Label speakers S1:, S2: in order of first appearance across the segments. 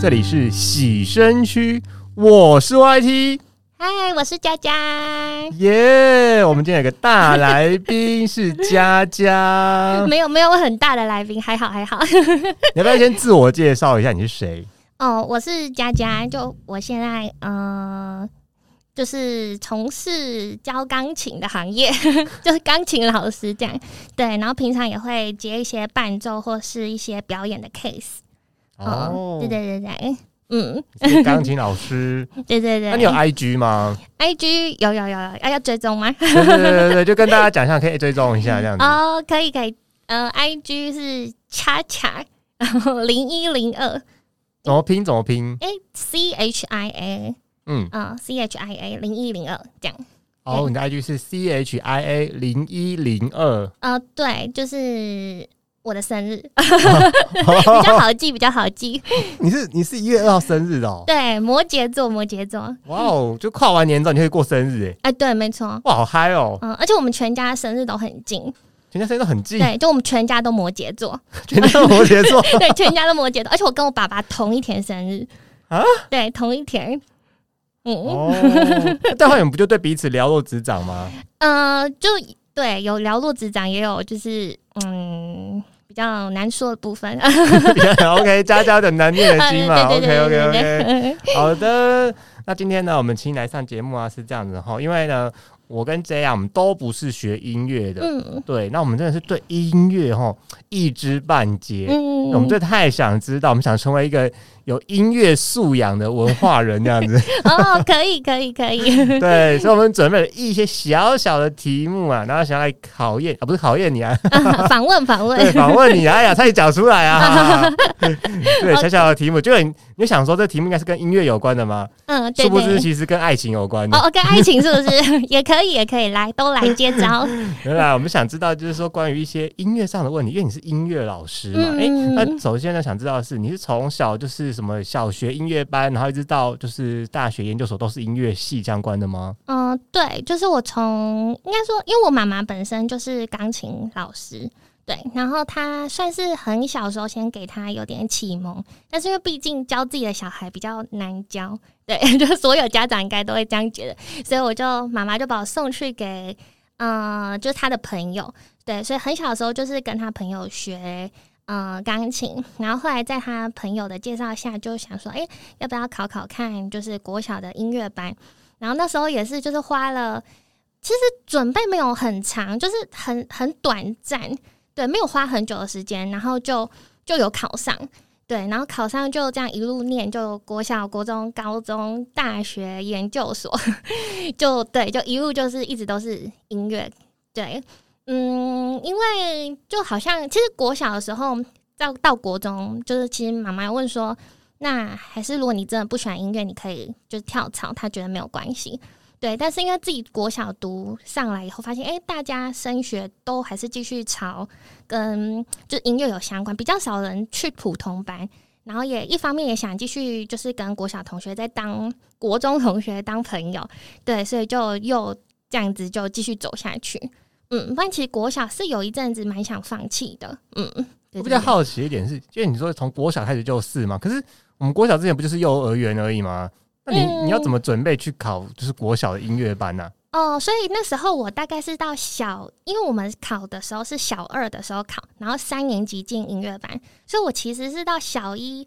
S1: 這裡是洗身區，我是 YT，嗨
S2: ，Hi, 我是佳佳，
S1: 耶！Yeah, 我們今天有個大來賓 是佳佳，沒
S2: 有沒有我很大的來賓，還好還好。 你要不要先
S1: 自我介紹一下你是誰？
S2: 哦，oh, 我是佳佳，就我現在嗯、呃，就是從事教鋼琴的行業，就是鋼琴老師這樣。對，然後平常也會接一些伴奏或是一些表演的 case。哦，oh, 對對對對，嗯，
S1: 鋼琴老師，
S2: 對對對，那你有 I G 嗎？I G 有有有，有、啊。要追蹤嗎？對，對對
S1: 對，就跟大家講一下， 可以追蹤一下這樣子哦
S2: ，oh, 可以可以，呃，I G 是恰恰，然後零一零二，
S1: 怎麼拼怎麼拼？
S2: 誒，C H I A，嗯啊、oh,，C H I A 零一零二這樣，哦，oh, 你
S1: 的 I G 是 C H I A 零一零二，
S2: 啊、呃，對，就是。我的生日 比較好記，比較好記。
S1: 你是你是一月二號生日哦、喔？
S2: 對，摩羯座，摩羯座。哇
S1: 哦，就跨完年之後你可以過生日、
S2: 欸，哎哎、欸，對，沒錯，哇，
S1: 好嗨哦、喔，嗯，
S2: 而且我們全家生日都很近，
S1: 全家生日都很近，對，
S2: 就我們全家都摩羯座，
S1: 全家都摩羯座， 對，
S2: 全家都摩羯座， 而且我跟我爸爸同一天生日啊，對，同一天，嗯
S1: 哦，oh, 但後面不就對彼此了如指掌嗎？嗯、
S2: 呃，就對，有了如指掌，也有就是嗯。要難說的部分
S1: yeah,，OK， 家家的難念的經嘛，OK，OK，OK，好的。 那今天呢，我們請你來上節目啊，是這樣子哈，因為呢，我跟 j R, 我們都不是學音樂的，嗯、對，那我們真的是對音樂哈一知半解，嗯，我們就太想知道，我們想成為一個。有音樂素養的文化人這樣子
S2: 哦、 oh,，可以可以可以，
S1: 對，所以我們準備了一些小小的題目啊，然後想要來考驗啊，不是考驗你啊，
S2: 訪問訪問，訪
S1: 問,問你哎、啊 啊、呀，快講出來啊！
S2: 對，小
S1: 小的題目，就很 Okay.，你想說這題目應該是跟音樂有關的嗎？嗯，對對，殊不知其實跟愛情有關的哦，
S2: 跟愛情是不是 也可以？也可以來都來接招。
S1: 原來，我們想知道就是說關於一些音樂上的問題，因為你是音樂老師嘛，哎、嗯欸，那首先呢，想知道的是你是從小就是。什麼小學音樂班，然後一直到就是大學研究所，都是音樂系相關的嗎？嗯，
S2: 對，就是我從應該說，因為我媽媽本身就是鋼琴老師，對，然後她算是很小時候先給她有點啟蒙，但是因為畢竟教自己的小孩比較難教，對，就所有家長應該都會這樣覺得，所以我就媽媽就把我送去給，嗯，就是他的朋友，對，所以很小時候就是跟他朋友學。嗯，鋼琴。然後後來在他朋友的介紹下，就想說，哎，要不要考考看？就是國小的音樂班。然後那時候也是，就是花了，其實準備沒有很長，就是很很短暫，對，沒有花很久的時間，然後就就有考上，對，然後考上就這樣一路念，就國小、國中、高中、大學、研究所， 就對，就一路就是一直都是音樂，對。嗯，因為就好像其實國小的時候到到國中，就是其實媽媽問說，那還是如果你真的不喜歡音樂，你可以就是跳槽，她覺得沒有關係，對。但是因為自己國小讀上來以後，發現欸，大家升學都還是繼續朝跟就音樂有相關，比較少人去普通班，然後也一方面也想繼續就是跟國小同學在當國中同學當朋友，對，所以就又這樣子就繼續走下去。嗯，但其實國小是有一陣子蠻想放棄的。嗯
S1: 嗯，對對對，我比較好奇一點是，因為你說從國小開始就是嘛，可是我們國小之前不就是幼兒園而已嗎？
S2: 那你、嗯、你要怎麼
S1: 準備去考就是國小的音樂班呢、啊？
S2: 哦、呃，所以那時候我大概是到小，因為我們考的時候是小二的時候考，然後三年級進音樂班，所以我其實是到小一，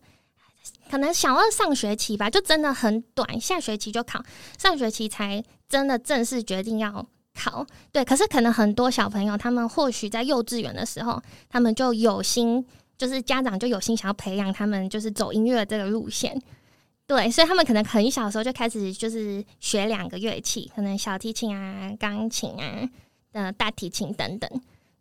S2: 可能小二上學期吧，就真的很短，下學期就考，上學期才真的正式決定要。考。對，可是可能很多小朋友，他們或許在幼稚園的時候，他們就有心，就是家長就有心想要培養他們，就是走音樂這個路線。對，所以他們可能很小的時候就開始，就是學兩個樂器，可能小提琴啊、鋼琴啊、嗯、呃、大提琴等等。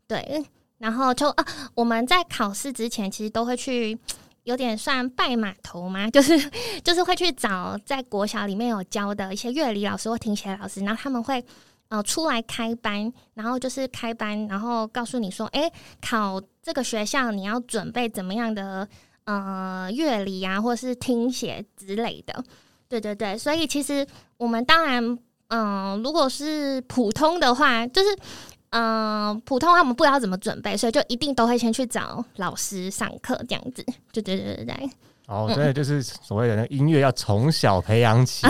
S2: 對，然後就啊，我們在考試之前，其實都會去有點算拜碼頭嘛，就是就是會去找在國小裡面有教的一些樂理老師或聽寫老師，然後他們會。呃，出來開班，然後就是開班，然後告訴你說，哎，考這個學校你要準備怎麼樣的呃，樂理啊，或是聽寫之類的。對對對，所以其實我們當然，嗯、呃，如果是普通的話，就是嗯、呃，普通話我們不知道怎麼準備，所以就一定都會先去找老師上課這樣子。對對對對對，對。
S1: 哦，真的，嗯、就是所謂的那音樂要從小培養起。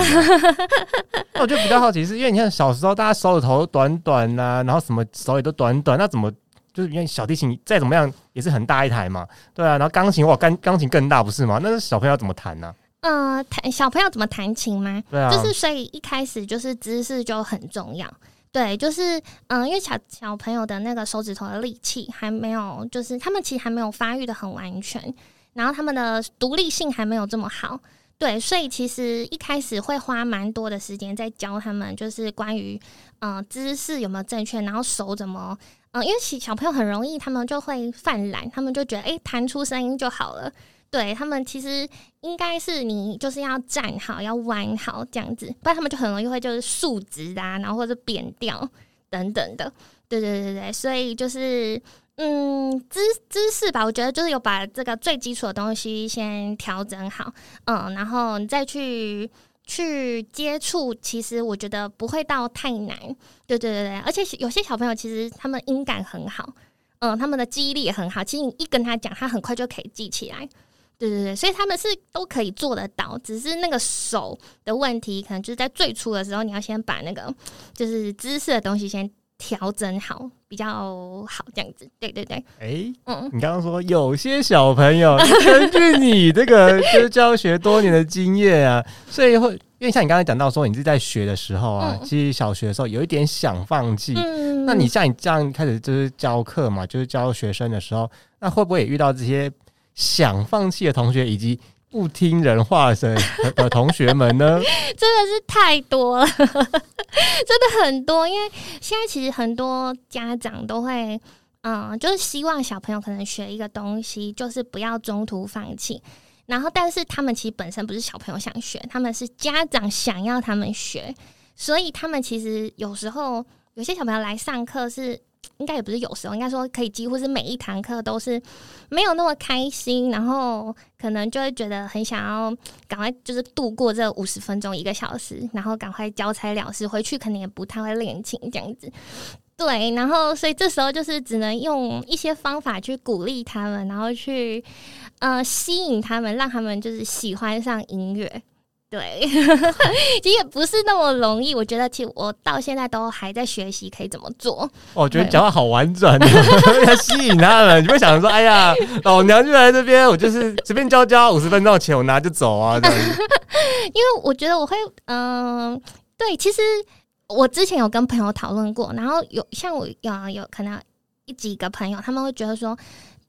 S1: 那我就比較好奇，是因為你看小時候大家手指頭短短吶，啊，然後什麼手也都短短，那怎麼就是因為小提琴再怎麼樣也是很大一台嘛，對啊，然後鋼琴哇，鋼鋼琴更大不是嘛？那是小，朋、啊呃、小朋友怎麼彈呢？
S2: 呃，彈小朋友怎麼彈琴嘛？對啊，就是所以一開始就是姿勢就很重要。對，就是嗯、呃，因為小小朋友的那個手指頭的力氣還沒有，就是他們其實還沒有發育得很完全。然後他們的獨立性還沒有這麼好，對，所以其實一開始會花蠻多的時間在教他們，就是關於嗯姿勢有沒有正確，然後手怎麼嗯、呃，因為小朋友很容易，他們就會犯懶，他們就覺得誒，彈出聲音就好了。對他們其實應該是你就是要站好，要彎好這樣子，不然他們就很容易會就是豎直啊，然後或者扁掉等等的，對對對對對，所以就是。嗯，姿姿勢吧，我覺得就是有把這個最基礎的東西先調整好，嗯，然後你再去去接觸，其實我覺得不會到太難，對對對對，而且有些小朋友其實他們音感很好，嗯，他們的記憶力也很好，其實你一跟他講，他很快就可以記起來，對對對，所以他們是都可以做得到，只是那個手的問題，可能就是在最初的時候，你要先把那個就是姿勢的東西先。調整好比較好，這樣子，對對對。哎，嗯，你剛
S1: 剛說有些小朋友，根據你這個就是教學多年的經驗啊，所以會因為像你剛才講到說你自己在學的時候啊，嗯、其實小學的時候有一點想放棄。嗯、那你像你這樣開始就是教課嘛，就是教學生的時候，那會不會也遇到這些想放棄的同學，以及？不聽人話的呃，同學們呢？
S2: 真的是太多了， 真的很多。因為現在其實很多家長都會，嗯、呃，就是希望小朋友可能學一個東西，就是不要中途放棄。然後，但是他們其實本身不是小朋友想學，他們是家長想要他們學，所以他們其實有時候有些小朋友來上課是。應該也不是有時候，應該說可以幾乎是每一堂課都是沒有那麼開心，然後可能就會覺得很想要趕快就是度過這五十分鐘一個小時，然後趕快交差了事，回去可能也不太會練琴這樣子。對，然後所以這時候就是只能用一些方法去鼓勵他們，然後去呃吸引他們，讓他們就是喜歡上音樂。對，其實也不是那麼容易。我覺得，其實我到現在都還在學習，可以怎麼做？哦、我覺得講
S1: 話好婉轉，對 吸引他們。 你會想說，哎呀，老娘就來這邊，我就是隨便教教五十分鐘錢，我拿就走啊。
S2: 對，因為我覺得我會，嗯、呃，對。其實我之前有跟朋友討論過，然後有像我有有可能一幾個朋友，他們會覺得說。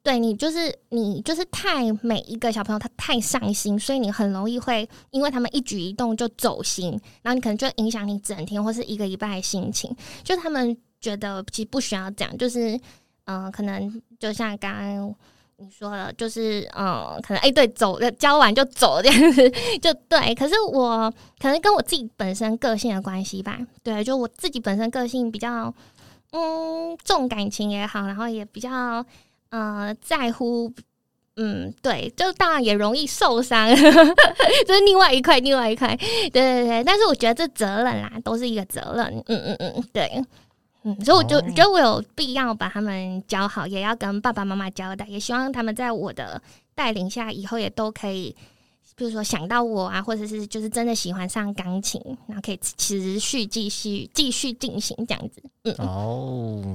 S2: 對，你就是你就是太每一個小朋友他太上心，所以你很容易會因為他們一舉一動就走心，然後你可能就影響你整天或是一個禮拜的心情。就他們覺得其實不需要這樣，就是嗯、呃，可能就像剛剛你說的，就是嗯、呃，可能哎，欸、對，走了教完就走這樣子，就對。可是我可能跟我自己本身個性的關係吧，對，就我自己本身個性比較嗯重感情也好，然後也比較。呃，在乎，嗯，對，就當然也容易受傷呵呵，就是另外一塊，另外一塊，對對對。但是我覺得這責任啦，都是一個責任，嗯嗯嗯，對，嗯，所以我就覺得我有必要把他們教好，也要跟爸爸媽媽交代，也希望他們在我的帶領下，以後也都可以。比如說想到我啊，或者是就是真的喜歡上鋼琴，然後可以持續繼續繼續進行這樣子。嗯哦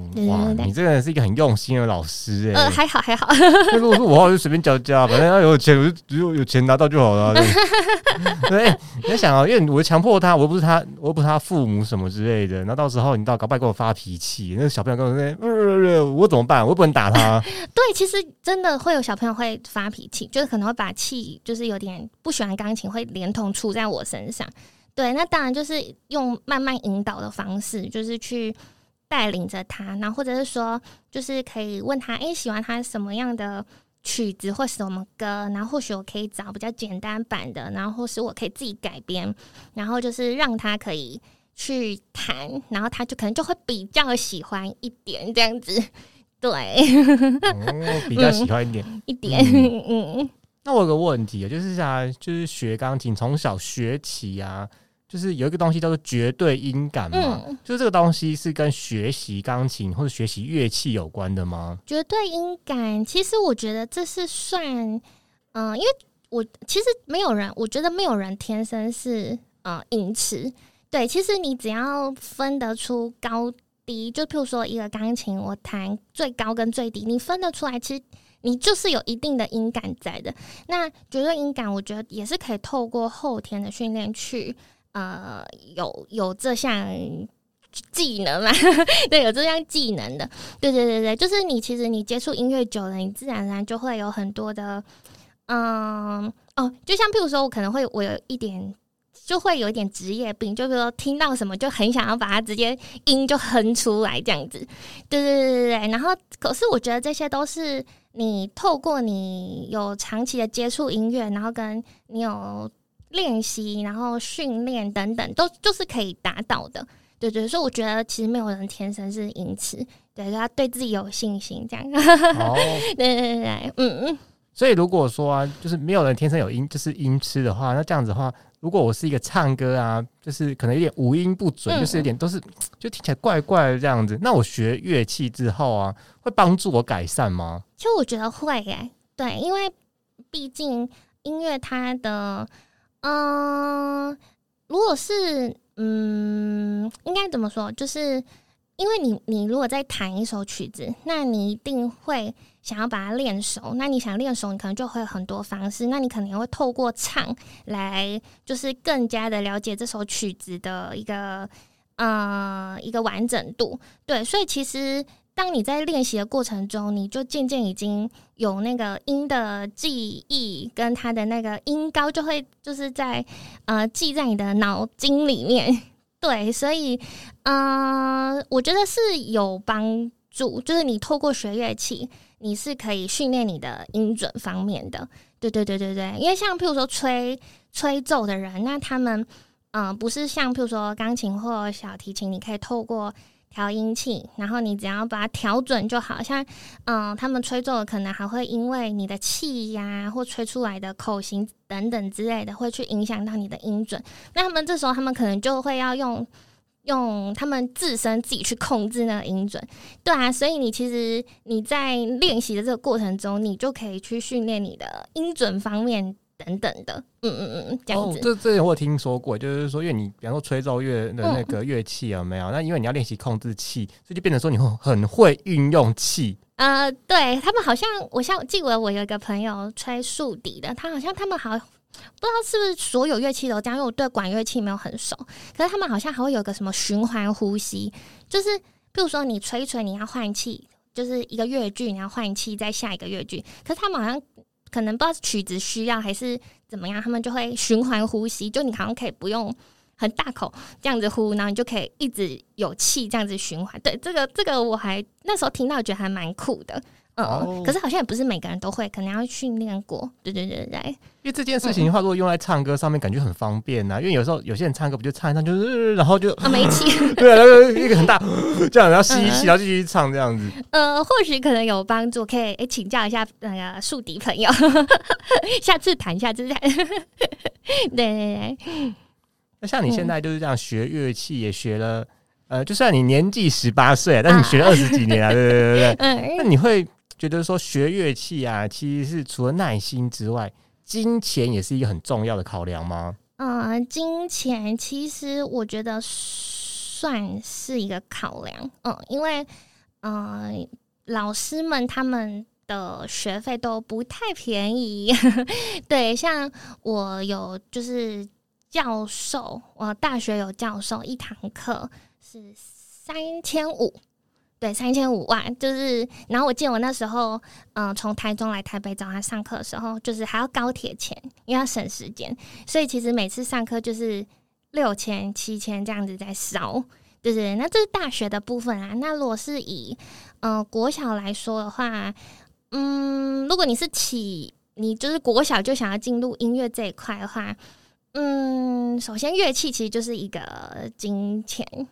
S1: ，oh, 就是、哇，對你這個人是一個很用心的老師哎、欸。呃，還
S2: 好還好。那 如果
S1: 說五我好像就隨便教教，反正要有錢，我就只有有錢拿到就好了、啊。對, 對，你在想啊，因為我會強迫他，我又不是他，我又不是他父母什麼之類的。那到時候你到搞不好給我發脾氣，那小朋友跟我說，欸、呃呃呃我怎麼辦？我又不能打他。
S2: 對，其實真的會有小朋友會發脾氣，就是可能會把氣，就是有點。不喜歡鋼琴會連同出在我身上，對，那當然就是用慢慢引導的方式，就是去帶領着他，然後或者是說，就是可以問他，哎、欸，喜歡他什麼樣的曲子或什麼歌，然後或許我可以找比較簡單版的，然後或是我可以自己改編，然後就是讓他可以去彈，然後他就可能就會比較喜歡一點這樣子，對，嗯、比較喜歡一點，嗯、一點，嗯。嗯
S1: 那我有個問題、就是、啊，就是想，就是學鋼琴從小學起啊，就是有一個東西叫做絕對音感嘛，嗯、就這個東西是跟學習鋼琴或者學習樂器有關的嗎？
S2: 絕對音感，其實我覺得這是算，嗯、呃，因為我其實沒有人，我覺得沒有人天生是，呃，音痴。對，其實你只要分得出高低，就譬如說一個鋼琴，我彈最高跟最低，你分得出來，其實。你就是有一定的音感在的，那覺得音感，我覺得也是可以透過後天的訓練去，呃，有有這項技能嘛？ 對，有這項技能的，對對對對，就是你其實你接觸音樂久了，你自然而然就會有很多的，嗯、呃，哦，就像譬如說我可能會，我有一點。就會有點職業病，就比如說聽到什麼就很想要把它直接音就哼出來這樣子，對對對對對。然後，可是我覺得這些都是你透過你有長期的接觸音樂，然後跟你有練習，然後訓練等等，都就是可以達到的。對，對對，所以我覺得其實沒有人天生是音痴對對，要對自己有信心這樣。 好對對對對，嗯嗯。
S1: 所以，如果說啊，就是沒有人天生有音，就是音痴的話，那這樣子的話，如果我是一個唱歌啊，就是可能有點五音不準，嗯、就是有點都是就聽起來怪怪的這樣子，那我學樂器之後啊，會幫助我改善嗎？
S2: 就我覺得會耶、欸。對，因為畢竟音樂它的，嗯、呃，如果是嗯，應該怎麼說？就是因為你你如果在彈一首曲子，那你一定會。想要把它練熟，那你想練熟，你可能就會有很多方式。那你可能也會透過唱來，就是更加的了解這首曲子的一個呃一個完整度。對，所以其實當你在練習的過程中，你就漸漸已經有那個音的記憶跟它的那個音高，就會就是在呃記在你的腦筋裡面。對，所以呃，我覺得是有幫。就是你透過學樂器，你是可以訓練你的音準方面的。對對對對對，因為像譬如說吹吹奏的人，那他們嗯、呃，不是像譬如說鋼琴或小提琴，你可以透過調音器，然後你只要把它調準就好。像嗯、呃，他們吹奏可能還會因為你的氣壓或吹出來的口型等等之類的，會去影響到你的音準。那他們這時候他們可能就會要用。用他們自身自己去控制那個音準，對啊，所以你其實你在練習的這個過程中，你就可以去訓練你的音準方面等等的，嗯嗯嗯，這樣子。哦、這這
S1: 些我有聽說過，就是說，因為你比方說吹奏樂的那個樂器有沒有？嗯、那因為你要練習控制氣，所以就變成說你會很會運用氣。
S2: 呃，對他們好像，我像記得我有一個朋友吹豎笛的，他好像他們好。不知道是不是所有樂器都這樣，因為我對管樂器沒有很熟。可是他們好像還會有個什麼循環呼吸，就是譬如說你吹一吹，你要換氣，就是一個樂句，你要換氣，再下一個樂句。可是他們好像可能不知道曲子需要還是怎麼樣，他們就會循環呼吸，就你好像可以不用很大口這樣子呼，然後你就可以一直有氣這樣子循環。對，這個這個我還那時候聽到我覺得還蠻酷的。嗯，oh, 可是好像也不是每個人都會，可能要訓練過，對對對對。因為這件事情的話，
S1: 嗯、如果用在唱歌上面，感覺很方便吶、啊。因為有時候有些人唱歌，不就唱一唱就，就、呃、是然後就沒氣，對啊，對然後一個很大 這樣，然後吸一吸，然後繼續唱這樣子。嗯
S2: 啊、呃，或許可能有幫助，可以哎、欸、請教一下那個豎笛朋友， 下次談一下，就 是對，對對對。那像你現在
S1: 就是這樣學樂器，嗯、也學了呃，就算你年紀十八歲，但你學了二十幾年了啊，對對對對，那、嗯、你會。覺得說學樂器啊，其實是除了耐心之外，金錢也是一個很重要的考量嗎？嗯、
S2: 呃，金錢其實我覺得算是一個考量，嗯、呃，因為嗯、呃，老師們他們的學費都不太便宜， 對，像我有就是教授，我大學有教授一堂課是三千五。對，三千五萬，就是。然後我記得我那時候，嗯、呃，從台中來台北找他上課的時候，就是還要高鐵錢，因為要省時間，所以其實每次上課就是六千、七千這樣子在燒，就是那這是大學的部分啊。那如果是以，嗯、呃，國小來說的話，嗯，如果你是起，你就是國小就想要進入音樂這一塊的話，嗯，首先樂器其實就是一個金錢。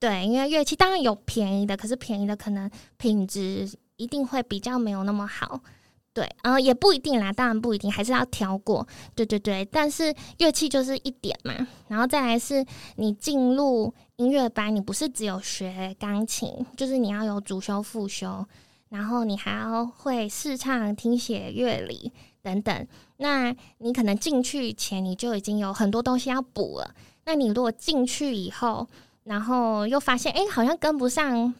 S2: 對，因為樂器當然有便宜的，可是便宜的可能品質一定會比較沒有那麼好。對，呃，也不一定啦，當然不一定，還是要挑過。對對對，但是樂器就是一點嘛。然後再來是你進入音樂班，你不是只有學鋼琴，就是你要有主修、副修，然後你還要會試唱、聽寫、樂理等等。那你可能進去前你就已經有很多東西要補了。那你如果進去以後，然後又發現，哎，好像跟不上，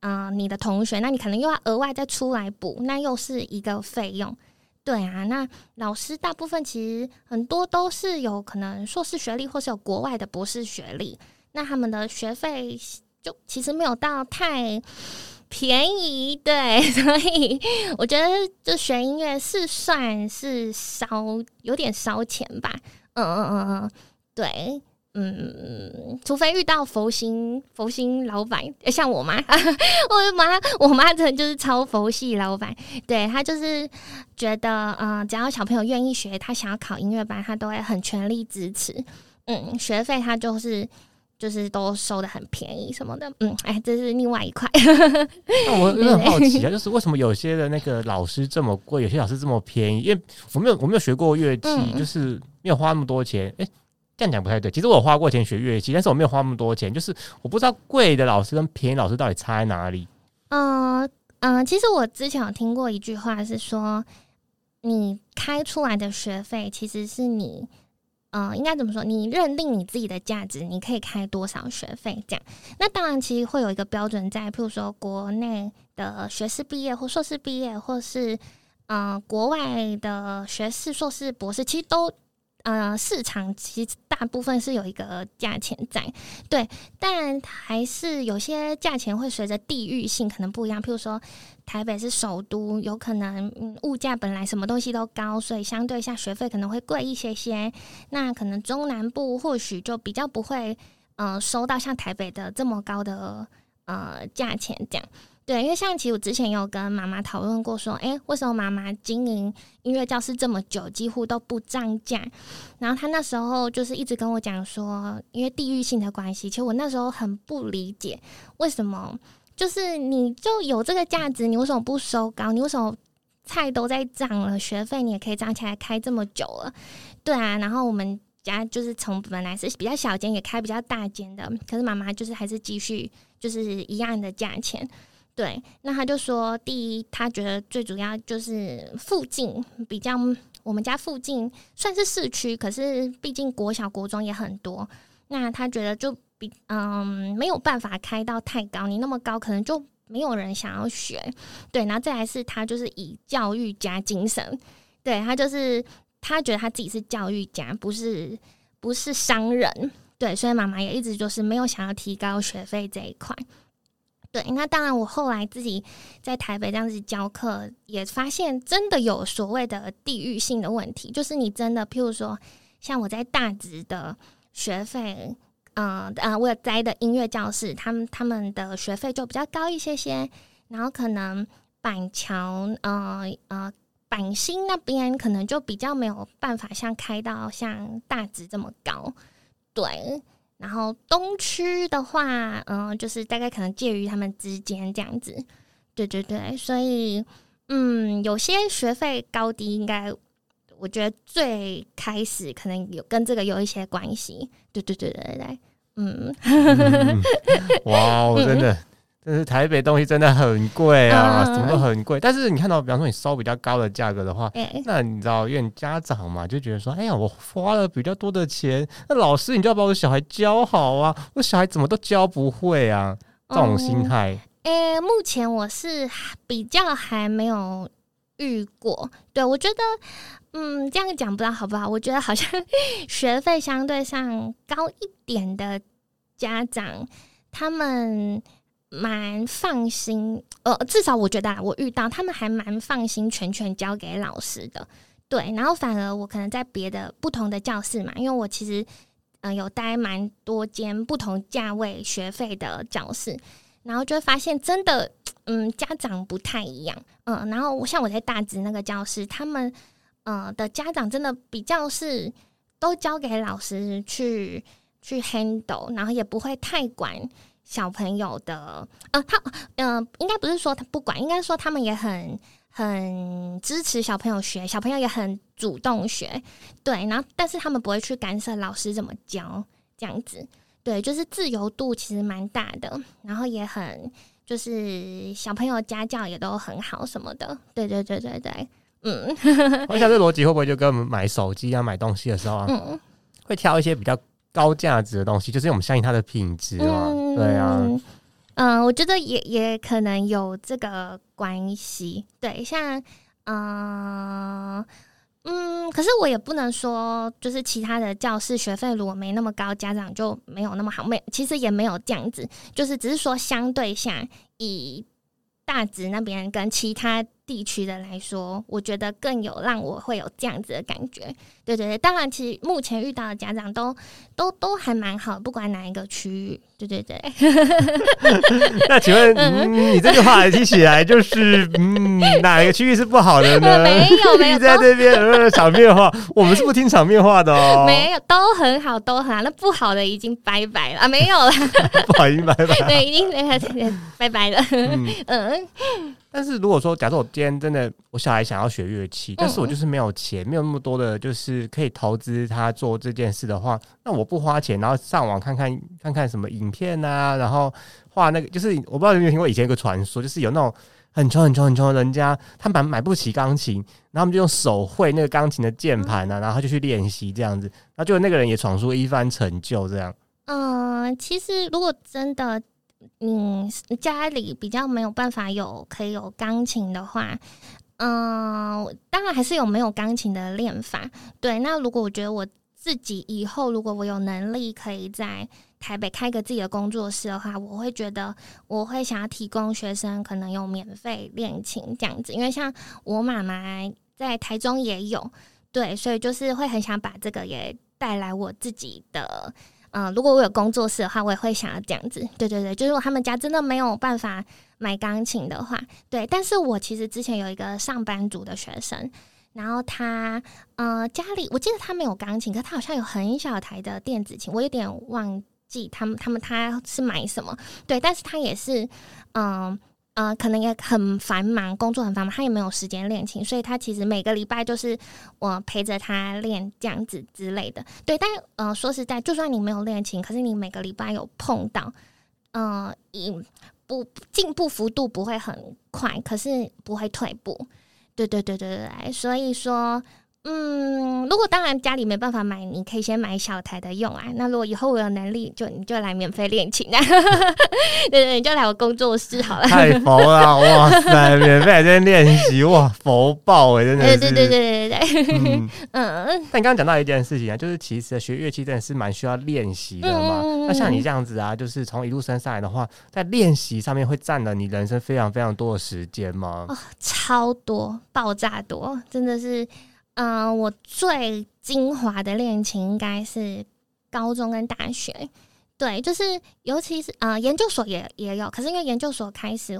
S2: 呃，你的同學，那你可能又要額外再出來補，那又是一個費用。對啊，那老師大部分其實很多都是有可能碩士學歷，或是有國外的博士學歷，那他們的學費就其實沒有到太便宜。對，所以我覺得就學音樂是算是燒，有點燒錢吧。嗯嗯嗯嗯，對。嗯，除非遇到佛心佛心老板，像我媽，呵呵我媽我媽真的就是超佛系老板。對，她就是覺得，呃，只要小朋友願意學，她想要考音樂班，她都會很全力支持。嗯，學費她就是就是都收得很便宜什麼的。嗯，哎，這是另外一塊。那、啊、我我很好奇啊，對對
S1: 就是為什麼有些的那個老師這麼貴，有些老師這麼便宜？因為我沒有我沒有學過樂器，嗯、就是沒有花那麼多錢。哎。這樣講不太對。其實我花過錢學樂器，但是我沒有花那麼多錢。就是我不知道貴的老師跟便宜老師到底差在哪裡。嗯
S2: 嗯、呃呃，其實我之前有聽過一句話，是說你開出來的學費其實是你，呃，應該怎麼說？你認定你自己的價值，你可以開多少學費？這樣那當然，其實會有一個標準在，譬如說國內的學士畢業或碩士畢業，或是嗯、呃、國外的學士、碩士、博士，其實都。呃，市場其實大部分是有一個價錢在，對，但還是有些價錢會隨着地域性可能不一樣。譬如說，台北是首都，有可能物價本來什麼東西都高，所以相對像學費可能會貴一些些。那可能中南部或許就比較不會，嗯、呃，收到像台北的這麼高的呃價錢這樣。對，因為像其實我之前有跟媽媽討論過，說，誒，為什麼媽媽經營音樂教室這麼久，幾乎都不漲價？然後她那時候就是一直跟我講說，因為地域性的關係。其實我那時候很不理解，為什麼就是你就有這個價值，你為什麼不收高？你為什麼菜都在漲了，學費你也可以漲起來？開這麼久了，對啊。然後我們家就是從本來是比較小間，也開比較大間的，可是媽媽就是還是繼續就是一樣的價錢。對，那他就說，第一，他覺得最主要就是附近比較，我們家附近算是市區，可是畢竟國小國中也很多，那他覺得就比嗯沒有辦法開到太高，你那麼高可能就沒有人想要學，對，然後再來是他就是以教育家精神，對，他就是他覺得他自己是教育家，不是不是商人，對，所以媽媽也一直就是沒有想要提高學費這一塊。對，那當然，我後來自己在台北這樣子教課，也發現真的有所謂的地域性的問題，就是你真的，譬如說，像我在大直的學費，呃呃，我有在的音樂教室，他們他們的學費就比較高一些些，然後可能板橋，呃呃，板新那邊可能就比較沒有辦法像開到像大直這麼高，對。然後東區的話，嗯、呃，就是大概可能介於他們之間這樣子，對對對，所以嗯，有些學費高低，應該我覺得最開始可能有跟這個有一些關係，對對對對對，嗯，嗯，哇哦，真的。嗯
S1: 就是台北東西真的很貴啊，嗯、什麼都很貴。但是你看到，比方說你收比較高的價格的話，欸、那你知道，因為家長嘛，就覺得說，哎呀，我花了比較多的錢，那老師你就要把我小孩教好啊，我小孩怎麼都教不會啊，這種心態。
S2: 誒、嗯欸，目前我是比較還沒有遇過。對我覺得，嗯，這樣講不知道好不好？我覺得好像學費相對上高一點的家長，他們。蠻放心，呃，至少我覺得我遇到他們還蠻放心，全權交給老師的，對。然後反而我可能在別的不同的教室嘛，因為我其實嗯、呃、有待蠻多間不同價位學費的教室，然後就發現真的，嗯，家長不太一樣，嗯、呃。然後我像我在大直那個教室，他們嗯、呃、的家長真的比較是都交給老師去去 handle，然後也不會太管小朋友的，呃，他，嗯、呃，應該不是說他不管，應該說他們也很很支持小朋友學，小朋友也很主動學，對，然後但是他們不會去干涉老師怎麼教，這樣子，對，就是自由度其實蠻大的，然後也很就是小朋友家教也都很好什麼的，對對對對對，嗯，
S1: 我 想這邏輯會不會就跟我們買手機啊買東西的時候，啊，嗯、會挑一些比較高價值的東西，就是因為我們相信它的品質啊。嗯
S2: 對啊，嗯，嗯、呃，我覺得也也可能有這個關係。對，像，嗯、呃、嗯，可是我也不能說，就是其他的教室學費如果沒那麼高，家長就沒有那麼好。沒，其實也沒有這樣子，就是只是說相對下，以大直那邊跟其他。地區的來說，我覺得更有讓我會有這樣子的感覺。對對對，當然，其實目前遇到的家長都都都還蠻好，不管哪一個區域。對對對。
S1: 那請問你這句話聽起來就是，嗯，哪一個區域是不好的呢？沒有沒有，在這邊場面話，我們是不聽場面話的哦。沒
S2: 有，都很好，都很好。那不好的已經拜拜了啊，沒有了，不好已經拜拜了。對，已經拜拜，拜拜了。嗯。
S1: 但是如果說，假設我今天真的我小孩想要學樂器，嗯、但是我就是沒有錢，沒有那麼多的，就是可以投資他做這件事的話，那我不花錢，然後上網看看看看什麼影片啊，然後畫那個，就是我不知道你有沒有聽過以前有個傳說，就是有那種很窮很窮很窮的人家，他買買不起鋼琴，然後他們就用手繪那個鋼琴的鍵盤啊，嗯、然後就去練習這樣子，然後就那個人也闖出一番成就這樣。
S2: 嗯、呃，其實如果真的。嗯，家裡比較沒有辦法有可以有鋼琴的話，嗯、呃，當然還是有沒有鋼琴的練法。對，那如果我覺得我自己以後如果我有能力可以在台北開個自己的工作室的話，我會覺得我會想要提供學生可能有免費練琴這樣子，因為像我媽媽在台中也有，對，所以就是會很想把這個也帶來我自己的。嗯、呃，如果我有工作室的話，我也會想要這樣子。對對對，就是如果他們家真的沒有辦法買鋼琴的話，對。但是我其實之前有一個上班族的學生，然後他呃家裡我記得他沒有鋼琴，可他好像有很小台的電子琴，我有點忘記他們他們他是買什麼。對，但是他也是嗯。呃呃，可能也很繁忙，工作很繁忙，他也沒有時間練琴，所以他其實每個禮拜就是我陪着他練這樣子之類的。對，但呃說實在，就算你沒有練琴，可是你每個禮拜有碰到，呃，不進步幅度不會很快，可是不會退步。對對對對對，所以說。嗯，如果當然家裡沒辦法買，你可以先買小台的用啊。那如果以後我有能力，就你就來免費練琴啊。 對，對對，你就來我工作室好了。太佛了，哇塞， 免
S1: 費在練習哇，佛爆哎、欸，真的是。對對對對對對，嗯。
S2: 嗯，但你剛
S1: 剛講到一件事情啊，就是其實學樂器真的是蠻需要練習的嘛。嗯、那像你這樣子啊，就是從一路升上來的話，在練習上面會占了你人生非常非常多的時間嗎、哦？
S2: 超多，爆炸多，真的是。嗯、呃，我最精華的練琴應該是高中跟大學，對，就是尤其是呃，研究所也也有，可是因為研究所開始，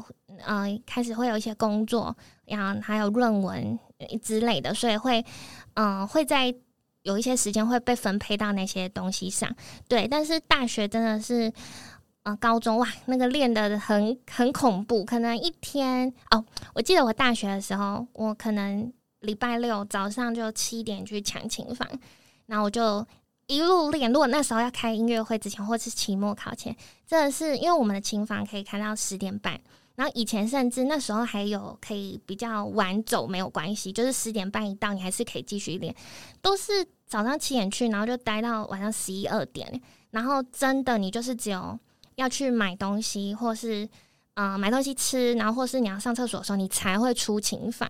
S2: 呃，開始會有一些工作，然後還有論文之類的，所以會，嗯、呃，會在有一些時間會被分配到那些東西上，對。但是大學真的是，嗯、呃，高中哇，那個練得很很恐怖，可能一天哦，我記得我大學的時候，我可能。禮拜六早上就七點去搶琴房，然後我就一路練。如果那時候要開音樂會之前，或是期末考前，真的是因為我們的琴房可以開到十點半。然後以前甚至那時候還有可以比較晚走沒有關係，就是十點半一到，你還是可以繼續練。都是早上七點去，然後就待到晚上十一二點。然後真的，你就是只有要去買東西，或是嗯、呃，買東西吃，然後或是你要上廁所的時候，你才會出琴房。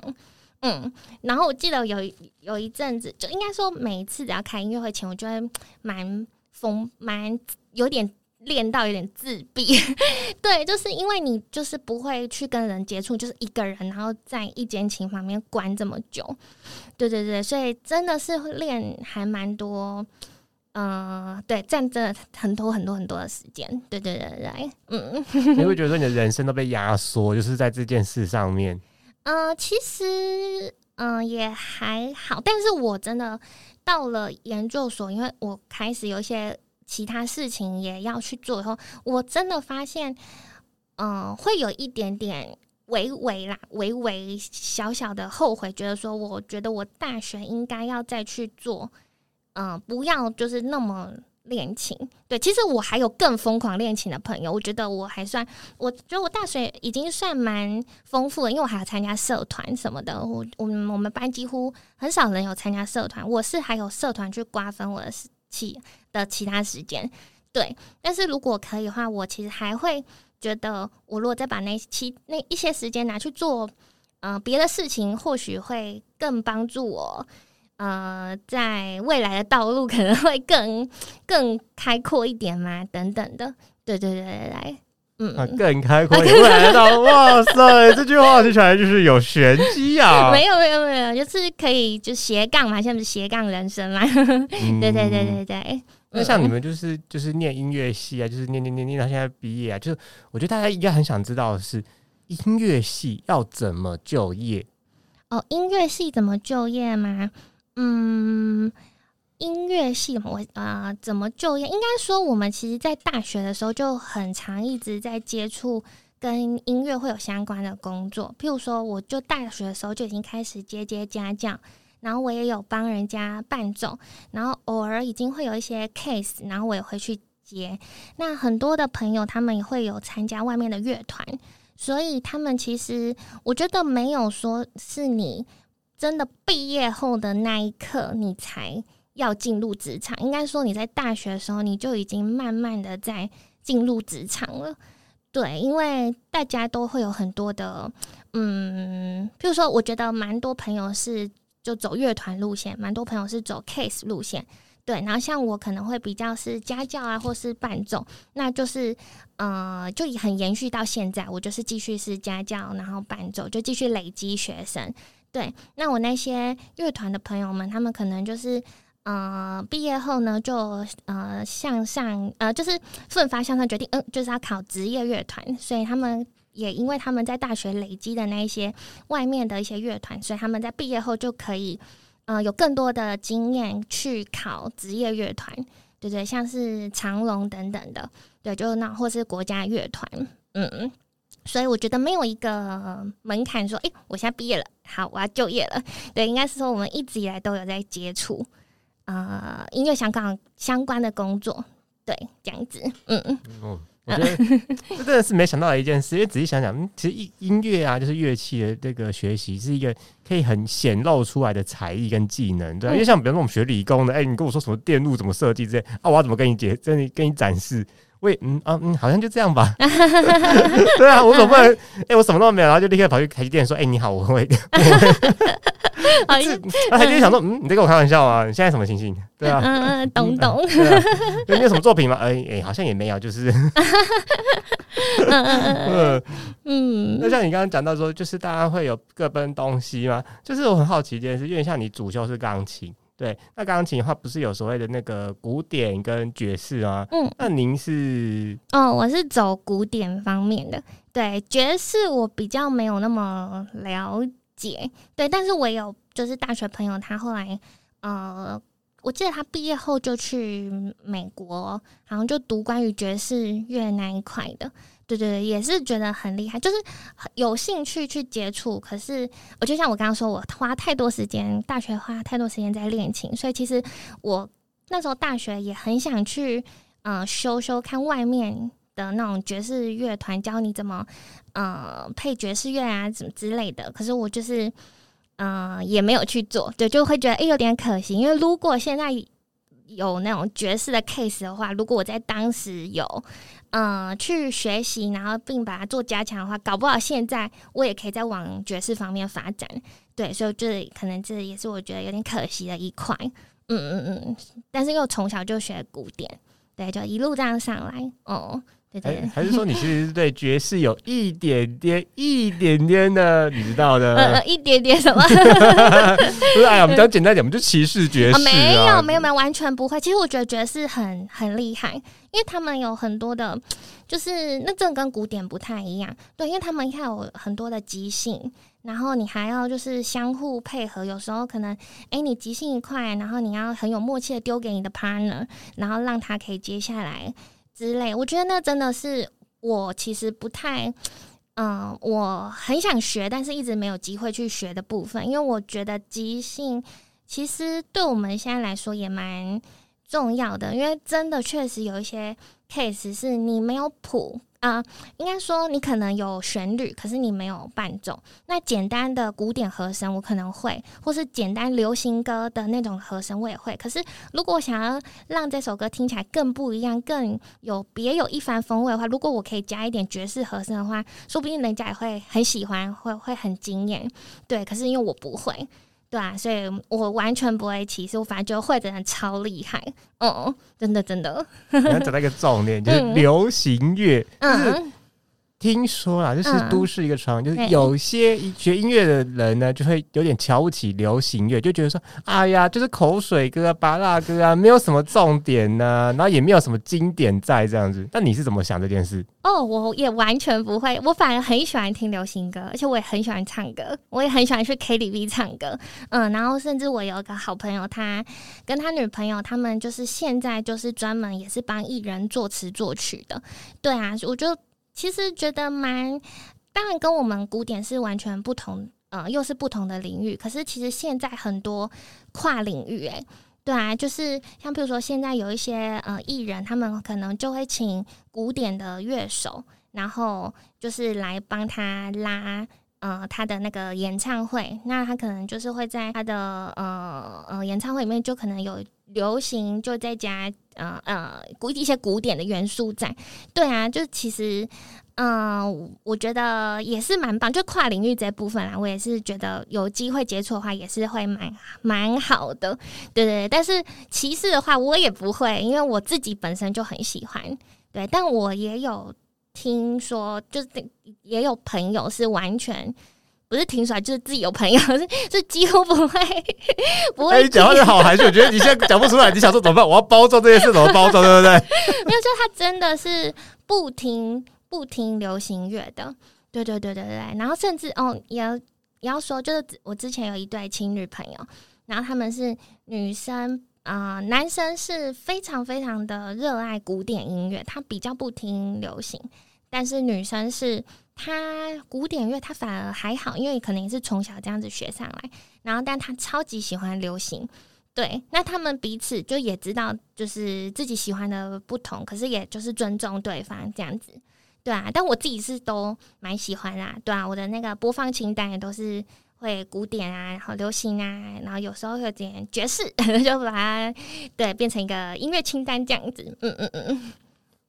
S2: 嗯，然後我記得有有一陣子，就應該說每一次只要開音樂會前，我就會蠻瘋，蠻，蠻有點練到有點自閉。 對，就是因為你就是不會去跟人接觸，就是一個人然後在一間琴房裡面關這麼久。對對對，所以真的是練還蠻多，嗯、呃，對，佔着很多很多很多的時間。對對對對，嗯，你會
S1: 覺得說你的人生都被壓縮， 就是在這件事上面。
S2: 呃，其實，嗯、呃，也還好。但是我真的到了研究所，因為我開始有一些其他事情也要去做以後，我真的發現，嗯、呃，會有一點點微微啦，微微小小的後悔，覺得說，我覺得我大學應該要再去做，嗯、呃，不要就是那麼。練琴對，其實我還有更瘋狂練琴的朋友。我覺得我還算，我覺得我大學已經算蠻豐富了，因為我還要參加社團什麼的。我、我、我們班幾乎很少人有參加社團，我是還有社團去瓜分我的時其的其他時間。對，但是如果可以的話，我其實還會覺得，我如果再把那期那一些時間拿去做嗯別、呃、的事情，或許會更幫助我。呃，在未來的道路可能會更更開闊一點嘛？等等的，對對對來，
S1: 嗯，啊、更開闊一點，未來的道路， 哇塞，這句話聽起來就是有玄機啊！ 沒
S2: 有沒有沒有，就是可以就斜槓嘛，像不是斜槓人生嘛？ 嗯、 對對對對對。那像你
S1: 們就是就是念音樂系啊，就是念念念念到現在畢業啊，就是、我覺得大家應該很想知道的是音樂系要怎麼就業？
S2: 哦，音樂系怎麼就業嗎？嗯，音樂系我啊、呃，怎麼就業？應該說，我們其實，在大學的時候就很常一直在接觸跟音樂會有相關的工作。譬如說，我就大學的時候就已經開始接接家教，然後我也有幫人家伴奏，然後偶爾已經會有一些 case，然後我也會去接。那很多的朋友他們也會有參加外面的樂團，所以他們其實我覺得沒有說是你。真的畢業後的那一刻，你才要進入職場。應該說你在大學的時候，你就已經慢慢的在進入職場了。對，因為大家都會有很多的，嗯，比如說，我覺得蠻多朋友是就走樂團路線，蠻多朋友是走 case 路線。對，然後像我可能會比較是家教啊，或是伴奏，那就是，呃，就很延續到現在，我就是繼續是家教，然後伴奏就繼續累積學生。對，那我那些樂團的朋友們，他們可能就是，呃，畢業後呢，就呃向上，呃，就是奮發向上，決定，嗯，就是要考職業樂團，所以他們也因為他們在大學累積的那一些外面的一些樂團，所以他們在畢業後就可以，呃，有更多的經驗去考職業樂團，對對，像是長隆等等的，對，就那或是國家樂團，嗯。所以我覺得沒有一個門檻說，哎、欸，我現在畢業了，好，我要就業了。對，應該是說我們一直以來都有在接觸，呃，音樂相關相關的工作。對，這樣子，嗯嗯。哦，我
S1: 覺得這真的是沒想到的一件事。 因為仔細想想，其實音音樂啊，就是樂器的這個學習是一個可以很顯露出來的才藝跟技能，對、啊。嗯、因為像比如說我們學理工的，哎、欸，你跟我說什麼電路怎麼設計之類，啊，我要怎麼跟你解，跟你跟你展示。喂，嗯啊嗯，好像就這樣吧。
S2: 對啊，
S1: 我總不能，哎、欸，我什麼都沒有，然後就立刻跑去台積電說，哎、欸，你好，我會
S2: 不好意思，那台積電想說，
S1: 嗯，你在跟我開玩笑嗎？你現在什麼心情？對啊，
S2: 嗯，懂懂。
S1: 有沒、啊、 有什麼作品嗎？哎、欸、哎、欸，好像也沒有，就是。
S2: 嗯嗯嗯嗯嗯。嗯，那像你剛
S1: 剛講到說，就是大家會有各奔東西嘛？就是我很好奇一件事，因為像你主修是鋼琴。對，那鋼琴的話，不是有所謂的那個古典跟爵士啊？嗯，那您是？哦，我
S2: 是走古典方面的。對，爵士我比較沒有那麼了解。對，但是我有，就是大學朋友，他後來，呃，我記得他畢業後就去美國，好像就讀關於爵士樂那一塊的。對對對，也是覺得很厲害，就是有興趣去接觸。可是我就像我剛剛說，我花太多時間，大學花太多時間在練琴，所以其實我那時候大學也很想去，嗯、呃，修修看外面的那種爵士樂團，教你怎麼，嗯、呃，配爵士樂啊，什麼之類的。可是我就是，嗯、呃，也沒有去做。對，就會覺得哎、欸，有點可惜，因為如果現在。有那種爵士的 case 的話，如果我在當時有，嗯、呃，去學習，然後並把它做加強的話，搞不好現在我也可以再往爵士方面發展。對，所以這可能這也是我覺得有點可惜的一塊。嗯嗯嗯，但是又從小就學古典，對，就一路這樣上來哦。還、欸、還是說你其實
S1: 是對爵士有一點點、 一點點的你知道的呃呃？一點
S2: 點什麼？ 不是，哎呀，我們講簡
S1: 單點，我們就歧視爵士，啊哦。沒有，沒
S2: 有，沒有，完全不會。其實我覺得爵士很很厲害，因為他們有很多的，就是那真跟古典不太一樣。對，因為他們要有很多的即興，然後你還要就是相互配合，有時候可能哎、欸，你即興一塊，然後你要很有默契的丟給你的 partner，然後讓他可以接下來，之類，我覺得那真的是我其實不太，嗯、呃，我很想學，但是一直沒有機會去學的部分。因為我覺得即興其實對我們現在來說也蠻重要的，因為真的確實有一些 case 是你沒有譜。啊、呃，應該說你可能有旋律，可是你沒有伴奏。那簡單的古典和聲我可能會，或是簡單流行歌的那種和聲我也會。可是如果我想要讓這首歌聽起來更不一樣、更有別有一番風味的話，如果我可以加一點爵士和聲的話，說不定人家也會很喜歡，會會很驚艷。對，可是因為我不會。對啊，所以我完全不會歧視，我反正就會的人超厲害，嗯、oh,，真的真的，要 找
S1: 到一個重點就是流行樂，嗯。就是聽說啊，就是都市一個傳聞，嗯、就是有些學音樂的人呢，就會有點瞧不起流行樂，就覺得說，哎呀，就是口水歌、啊、芭樂歌啊，沒有什麼重點呢、啊，然後也沒有什麼經典在這樣子。那你是怎麼想這件事？
S2: 哦，我也完全不會，我反而很喜歡聽流行歌，而且我也很喜歡唱歌，我也很喜歡去 KTV 唱歌。嗯，然後甚至我有一個好朋友他，他跟他女朋友，他們就是現在就是專門也是幫藝人作詞作曲的。對啊，我就。其實覺得蠻，當然跟我們古典是完全不同，嗯、呃，又是不同的領域。可是其實現在很多跨領域，哎，對啊，就是像比如說現在有一些呃藝人，他們可能就會請古典的樂手，然後就是來幫他拉，呃，他的那個演唱會。那他可能就是會在他的呃呃演唱會裡面，就可能有流行就在家。嗯嗯，古、呃、一些古典的元素在，對啊，就其實，嗯、呃，我覺得也是蠻棒，就跨領域這部分啊，我也是覺得有機會接觸的話，也是會蠻蠻好的，對對對，但是歧視的話，我也不會，因為我自己本身就很喜歡，對，但我也有聽說，就是也有朋友是完全。不是聽出來，就是自己有朋友，是是幾乎不會不會、欸。你講話是好還是？ 我
S1: 覺得你現在講不出來，你想說怎麼辦？我要包裝這件事，怎麼包裝， 對不對？
S2: 沒有說他真的是不聽不聽流行樂的，對對對對對。然後甚至哦，也也要說，就是我之前有一對情侶朋友，然後他們是女生，啊、呃，男生是非常非常的熱愛古典音樂，他比較不聽流行，但是女生是。他古典樂他反而還好，因為可能也是從小這樣子學上來，然後但他超級喜歡流行，對。那他們彼此就也知道，就是自己喜歡的不同，可是也就是尊重對方這樣子，對啊。但我自己是都蠻喜歡啊，對啊。我的那個播放清單也都是會古典啊，然後流行啊，然後有時候會有點爵士，就把它對變成一個音樂清單這樣子，嗯嗯嗯嗯。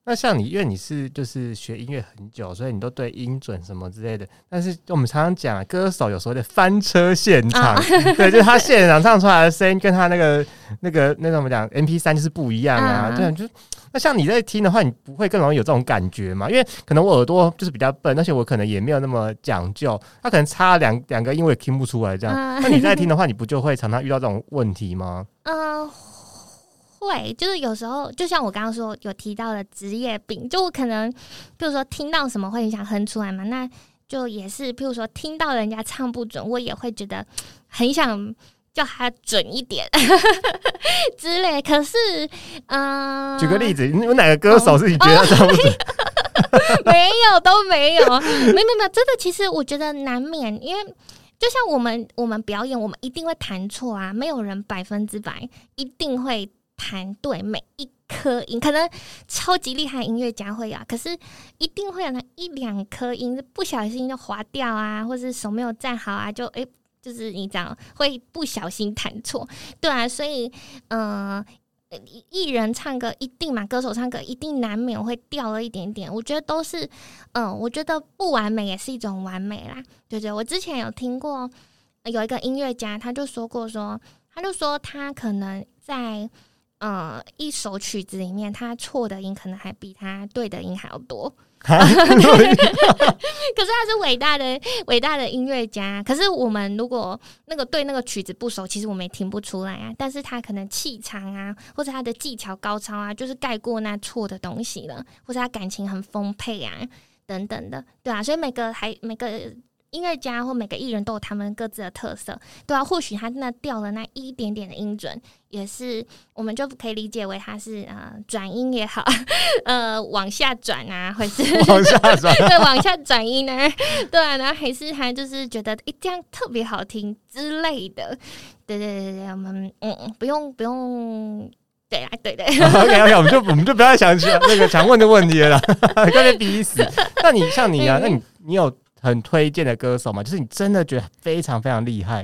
S1: 那像你，因為你是就是學音樂很久，所以你都對音準什麼之類的。但是我們常常講、啊，歌手有時候的翻車現場，啊、對，就是他現場唱出來的聲音，跟他那個 那個那什麼講，MP3 就是不一樣啊。啊對，就是那像你在聽的話，你不會更容易有這種感覺嘛？因為可能我耳朵就是比較笨，而且我可能也沒有那麼講究，他可能差兩兩個音我也聽不出來這樣。啊、那你在聽的話，你不就會常常遇到這種問題嗎？嗯。啊
S2: 會，就是有時候，就像我剛剛說有提到的職業病，就我可能，比如說聽到什麼會很想哼出來嘛，那就也是，比如說聽到人家唱不準，我也會覺得很想叫他準一點呵呵之類。可是，嗯、呃，舉個例
S1: 子，你們哪個歌手是你覺得這樣子？
S2: 沒有， 都沒有， 沒沒沒有，真的，其實我覺得難免，因為就像我們我們表演，我們一定會彈錯啊，沒有人百分之百一定會。彈對每一顆音，可能超級厲害音樂家會有、啊，可是一定會讓他一兩顆音不小心就滑掉啊，或是手沒有站好啊，就誒、欸，就是你講會不小心彈錯，對啊，所以嗯，藝、呃、人唱歌一定嘛，歌手唱歌一定難免會掉了一點點，我覺得都是嗯、呃，我覺得不完美也是一種完美啦，對不對？我之前有聽過有一個音樂家，他就說過說，他就說他可能在。呃，一首曲子裡面，他錯的音可能還比他對的音還要多。
S1: 哈
S2: 可是他是偉大的偉大的音樂家。可是我們如果那個對那個曲子不熟，其實我們也聽不出來啊。但是他可能氣場啊，或者他的技巧高超啊，就是蓋過那錯的東西了，或者他感情很豐沛啊，等等的，對啊，所以每個還每個。音樂家或每個藝人都有他們各自的特色，對啊，或許他那掉了那一點點的音準，也是我們就可以理解為他是呃轉音也好，呃往下轉啊，或者是往下轉，對，往下轉音呢、啊，對啊，然後還是還就是覺得、欸、這樣特別好聽之類的，對對對對，我們嗯不用不用，對啊對對，對，OK OK， 我們就
S1: 我們就不要想那個常問的問題了，剛才第一次， 那你像你啊，嗯、那你你有。很推薦的歌手嘛，就是你真的覺得非常非常厲害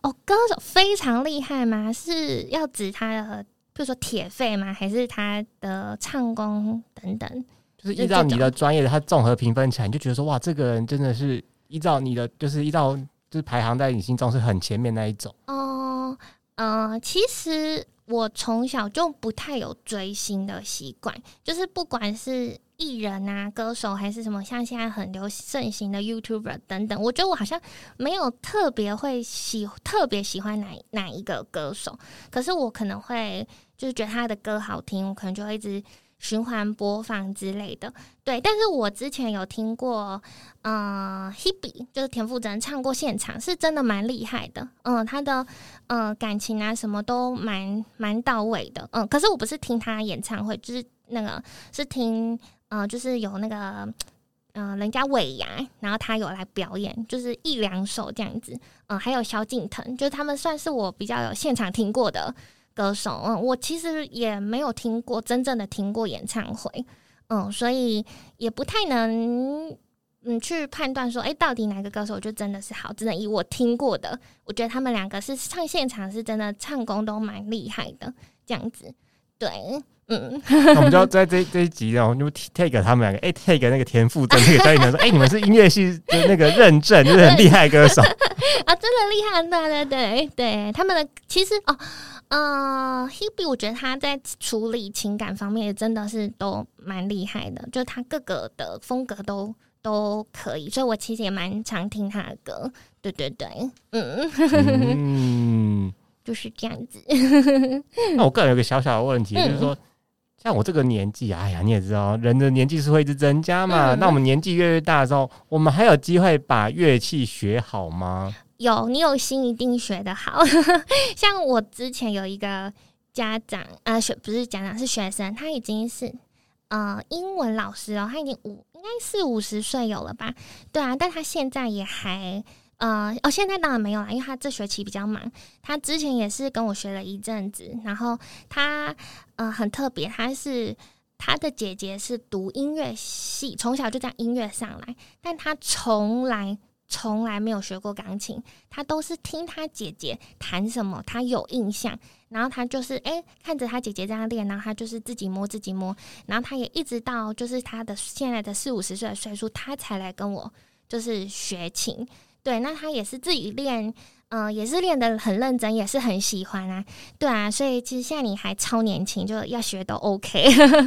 S2: 哦。Oh, 歌手非常厲害嗎？是要指他的，比如說鐵肺嗎？還是他的唱功等等？就是依照你的
S1: 專業的，這種。他綜合評分起來，你就覺得說哇，這個人真的是依照你的，就是依照就是排行在你心中是很前面那一種
S2: 哦。嗯，uh, 呃，其實。我從小就不太有追星的習慣，就是不管是藝人啊、歌手還是什麼，像現在很流行盛行的 YouTuber 等等，我覺得我好像沒有特別會喜特別喜歡哪哪一個歌手，可是我可能會就是覺得他的歌好聽，我可能就會一直。循環播放之類的，對，但是我之前有聽過，嗯、呃、，Hebe 就是田馥甄唱過現場，是真的蠻厲害的，嗯、呃，他的，嗯、呃，感情啊什麼都蠻蠻到位的，嗯、呃，可是我不是聽他演唱會，就是那個是聽，嗯、呃，就是有那個，嗯、呃，人家尾牙，然後他有來表演，就是一兩首這樣子，嗯、呃，還有蕭敬騰，就是他們算是我比較有現場聽過的。歌手，嗯，我其實也沒有聽過真正的聽過演唱會，嗯，所以也不太能嗯去判斷說，哎、欸，到底哪個歌手就真的是好，只能以我聽過的，我覺得他們兩個是唱現場是真的唱功都蠻厲害的這樣子。對，嗯，啊、我們就要
S1: 在這一這一集然後你們 take 他們兩個，哎、欸、，take 那個田馥甄那個導演說，哎、 欸，你們是音樂系
S2: 的那個認證，就是很厲害歌手 啊，真的厲害的，對對對對，他們的其實哦。呃、uh,，Hebe，我覺得他在處理情感方面也真的是都蠻厲害的，就他各個的風格都都可以，所以我其實也蠻常聽他的歌。對對對，嗯，嗯 就是這樣子。
S1: 那 我個人有個小小的問題，嗯、就是說，像我這個年紀，哎呀，你也知道，人的年紀是會一直增加嘛。那、嗯、我們年紀越越大的時候，我們還有機會把樂器學好嗎？
S2: 有，你有心，一定學得好呵呵。像我之前有一個家長，呃，學不是家長，是學生，他已經是呃英文老師了，他已經五應該是五十歲有了吧？對啊，但他現在也還呃哦，現在當然沒有啦，因為他這學期比較忙。他之前也是跟我學了一陣子，然後他呃，很特別，他是他的姐姐是讀音樂系，從小就這樣音樂上來，但他從來。從來沒有學過鋼琴，他都是聽他姐姐彈什麼，他有印象。然後他就是誒、欸、看着他姐姐這樣練，然後他就是自己摸，自己摸。然後他也一直到就是他的現在的四五十歲的歲數，他才來跟我就是學琴。對，那他也是自己練。嗯、呃，也是練得很認真，也是很喜歡啊，對啊，所以其實現在你還超年輕，就要學都 OK。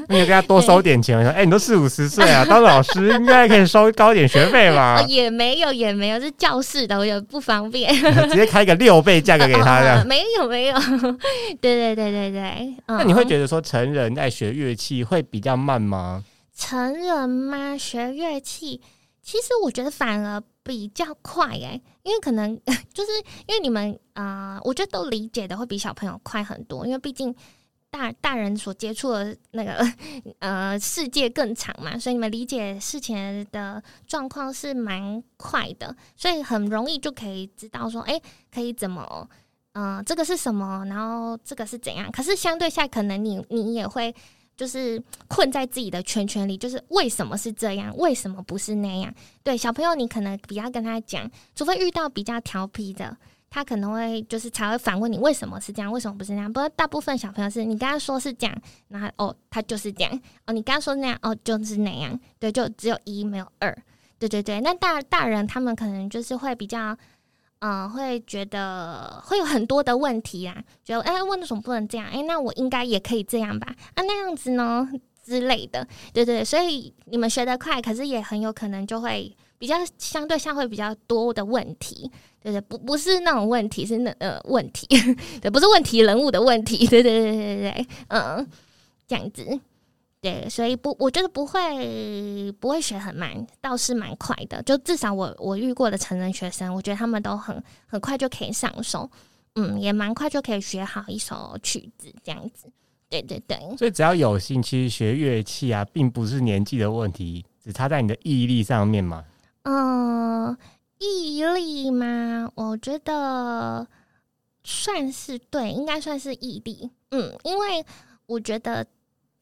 S1: 你 給他多收點錢，對我說，哎、欸，你都四五十歲了，啊， 當老師應該可以收高一點學費吧？
S2: 也沒有，也沒有，是教室的，我也不方便，
S1: 直接開個六倍價格給他了，呃呃
S2: 呃。沒有，沒有， 對對對對對，嗯。那你會覺
S1: 得說成人在學樂器會比較慢嗎？呃、
S2: 成人嘛，學樂器，其實我覺得反而，比較快欸，因為可能就是因為你們啊，我覺得都理解的會比小朋友快很多，因為畢竟大大人所接觸的那個呃世界更長嘛，所以你們理解事情的狀況是蠻快的，所以很容易就可以知道說，欸，可以怎麼嗯，這個是什麼，然後這個是怎樣。可是相對下，可能你你也會。就是困在自己的圈圈裡，就是為什麼是這樣，為什麼不是那樣？對，小朋友你可能比較跟他講，除非遇到比較調皮的，他可能會就是才會反問你為什麼是這樣，為什麼不是那樣？不過大部分小朋友是你剛剛說是這樣，然後哦他就是這樣哦，你剛剛說那樣哦就是那樣，對，就只有一沒有二，對對對。那大大人他們可能就是會比較。嗯，會覺得會有很多的問題啊。覺得哎，為什麼不能這樣？哎、欸，那我應該也可以這樣吧？啊，那樣子呢之類的，對，對對，所以你們學得快，可是也很有可能就會比較相對下會比較多的問題，對對，對，不不是那種問題，是那呃問題， 對，不是問題人物的問題，對對對對對，嗯，這樣子。對，所以不，我覺得不會，不會學很慢，倒是蠻快的。就至少我我遇過的成人學生，我覺得他們都很很快就可以上手，嗯，也蠻快就可以學好一首曲子這樣子。對對對，所以
S1: 只要有興趣學樂器啊，並不是年紀的問題，只差在你的毅力上面嘛。嗯、
S2: 呃，毅力嗎？我覺得算是對，應該算是毅力。嗯，因為我覺得。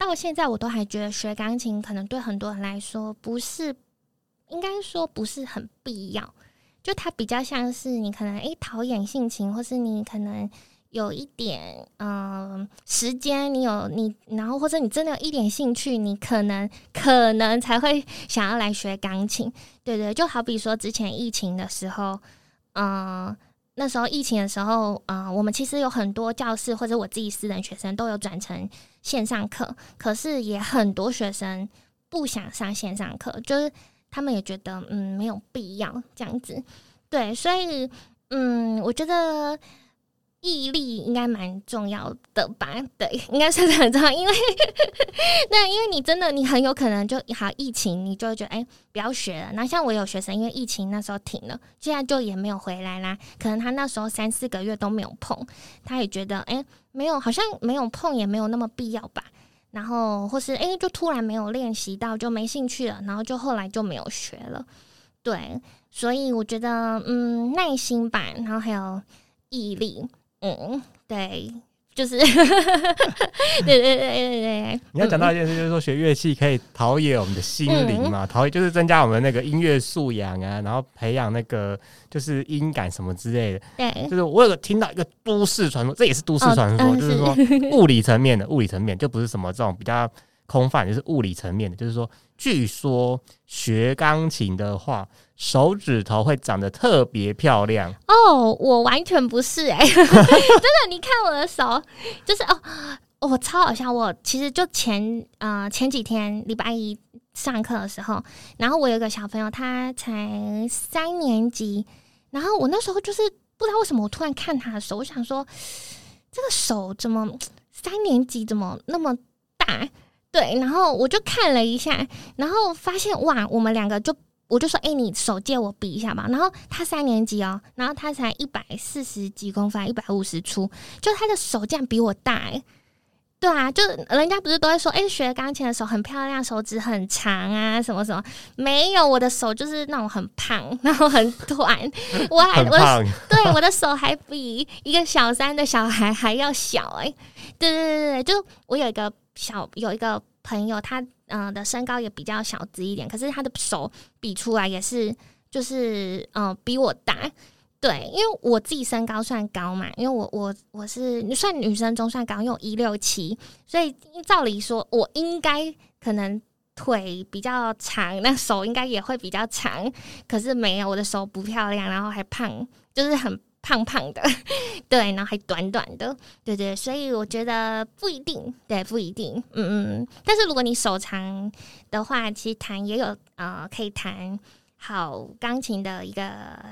S2: 到現在我都還覺得學鋼琴可能對很多人來說不是，應該說不是很必要。就它比較像是你可能誒，陶冶性情，或是你可能有一點嗯、呃、時間，你有你，然後或者你真的有一點興趣，你可能可能才會想要來學鋼琴。對對，就好比說之前疫情的時候，嗯、呃。那時候疫情的時候，嗯、呃，我們其實有很多教室或者我自己私人學生都有轉成線上課，可是也很多學生不想上線上課，就是他們也覺得嗯沒有必要這樣子，對，所以嗯，我覺得。毅力應該蠻重要的吧？對，應該是很重要，因為那 因為你真的你很有可能就，好疫情，你就會覺得哎、欸，不要學了。那像我有學生，因為疫情那時候停了，現在就也沒有回來啦。可能他那時候三四個月都沒有碰，他也覺得哎、欸，沒有，好像沒有碰也沒有那麼必要吧。然後或是哎、欸，就突然沒有練習到，就沒興趣了，然後就後來就沒有學了。對，所以我覺得嗯，耐心吧，然後還有毅力。嗯，對，就是，對 對對對對。你要講到一
S1: 件事，嗯、就是說學樂器可以陶冶我們的心靈嘛，嗯、陶冶就是增加我們那個音樂素養啊，然後培養那個就是音感什麼之類的。對，就是我有個聽到一個都市傳說，這也是都市傳說，哦、就是說物理層面的，嗯、物理層面就不是什麼這種比較空泛，就是物理層面的，就是說。據說學鋼琴的話，手指頭會長得特別漂亮。
S2: 哦，我完全不是哎、欸， 真的，你看我的手，就是哦，我、哦、超好笑。我其實就前呃前幾天禮拜一上課的時候，然後我有個小朋友，他才三年級，然後我那時候就是不知道為什麼，我突然看他的手，我想說，這個手怎麼三年級怎麼那麼大？對，然後我就看了一下，然後發現哇，我們兩個就，我就說，哎、欸，你手借我比一下吧。然後他三年級哦，然後他才一百四十幾公分，一百五十出，就他的手竟然比我大，欸，對啊，就人家不是都會說，哎、欸，學鋼琴的手很漂亮，手指很長啊，什麼什麼？沒有，我的手就是那種很胖，然後很短， 我還胖我對 我的手還比一個小三的小孩還要小，哎、欸，對對對對對，就我有一個。小有一個朋友，他嗯、呃、的身高也比較小只一點，可是他的手比出來也是就是嗯、呃、比我大，對，因為我自己身高算高嘛，因為我我我是算女生中算高，因為我一六七，所以照理說我應該可能腿比較長，那手應該也會比較長，可是沒有，我的手不漂亮，然後還胖，就是很。胖胖的，對，然後還短短的，對對，所以我覺得不一定，對，不一定，嗯嗯。但是如果你手長的話，其實彈也有呃，可以彈好鋼琴的一個，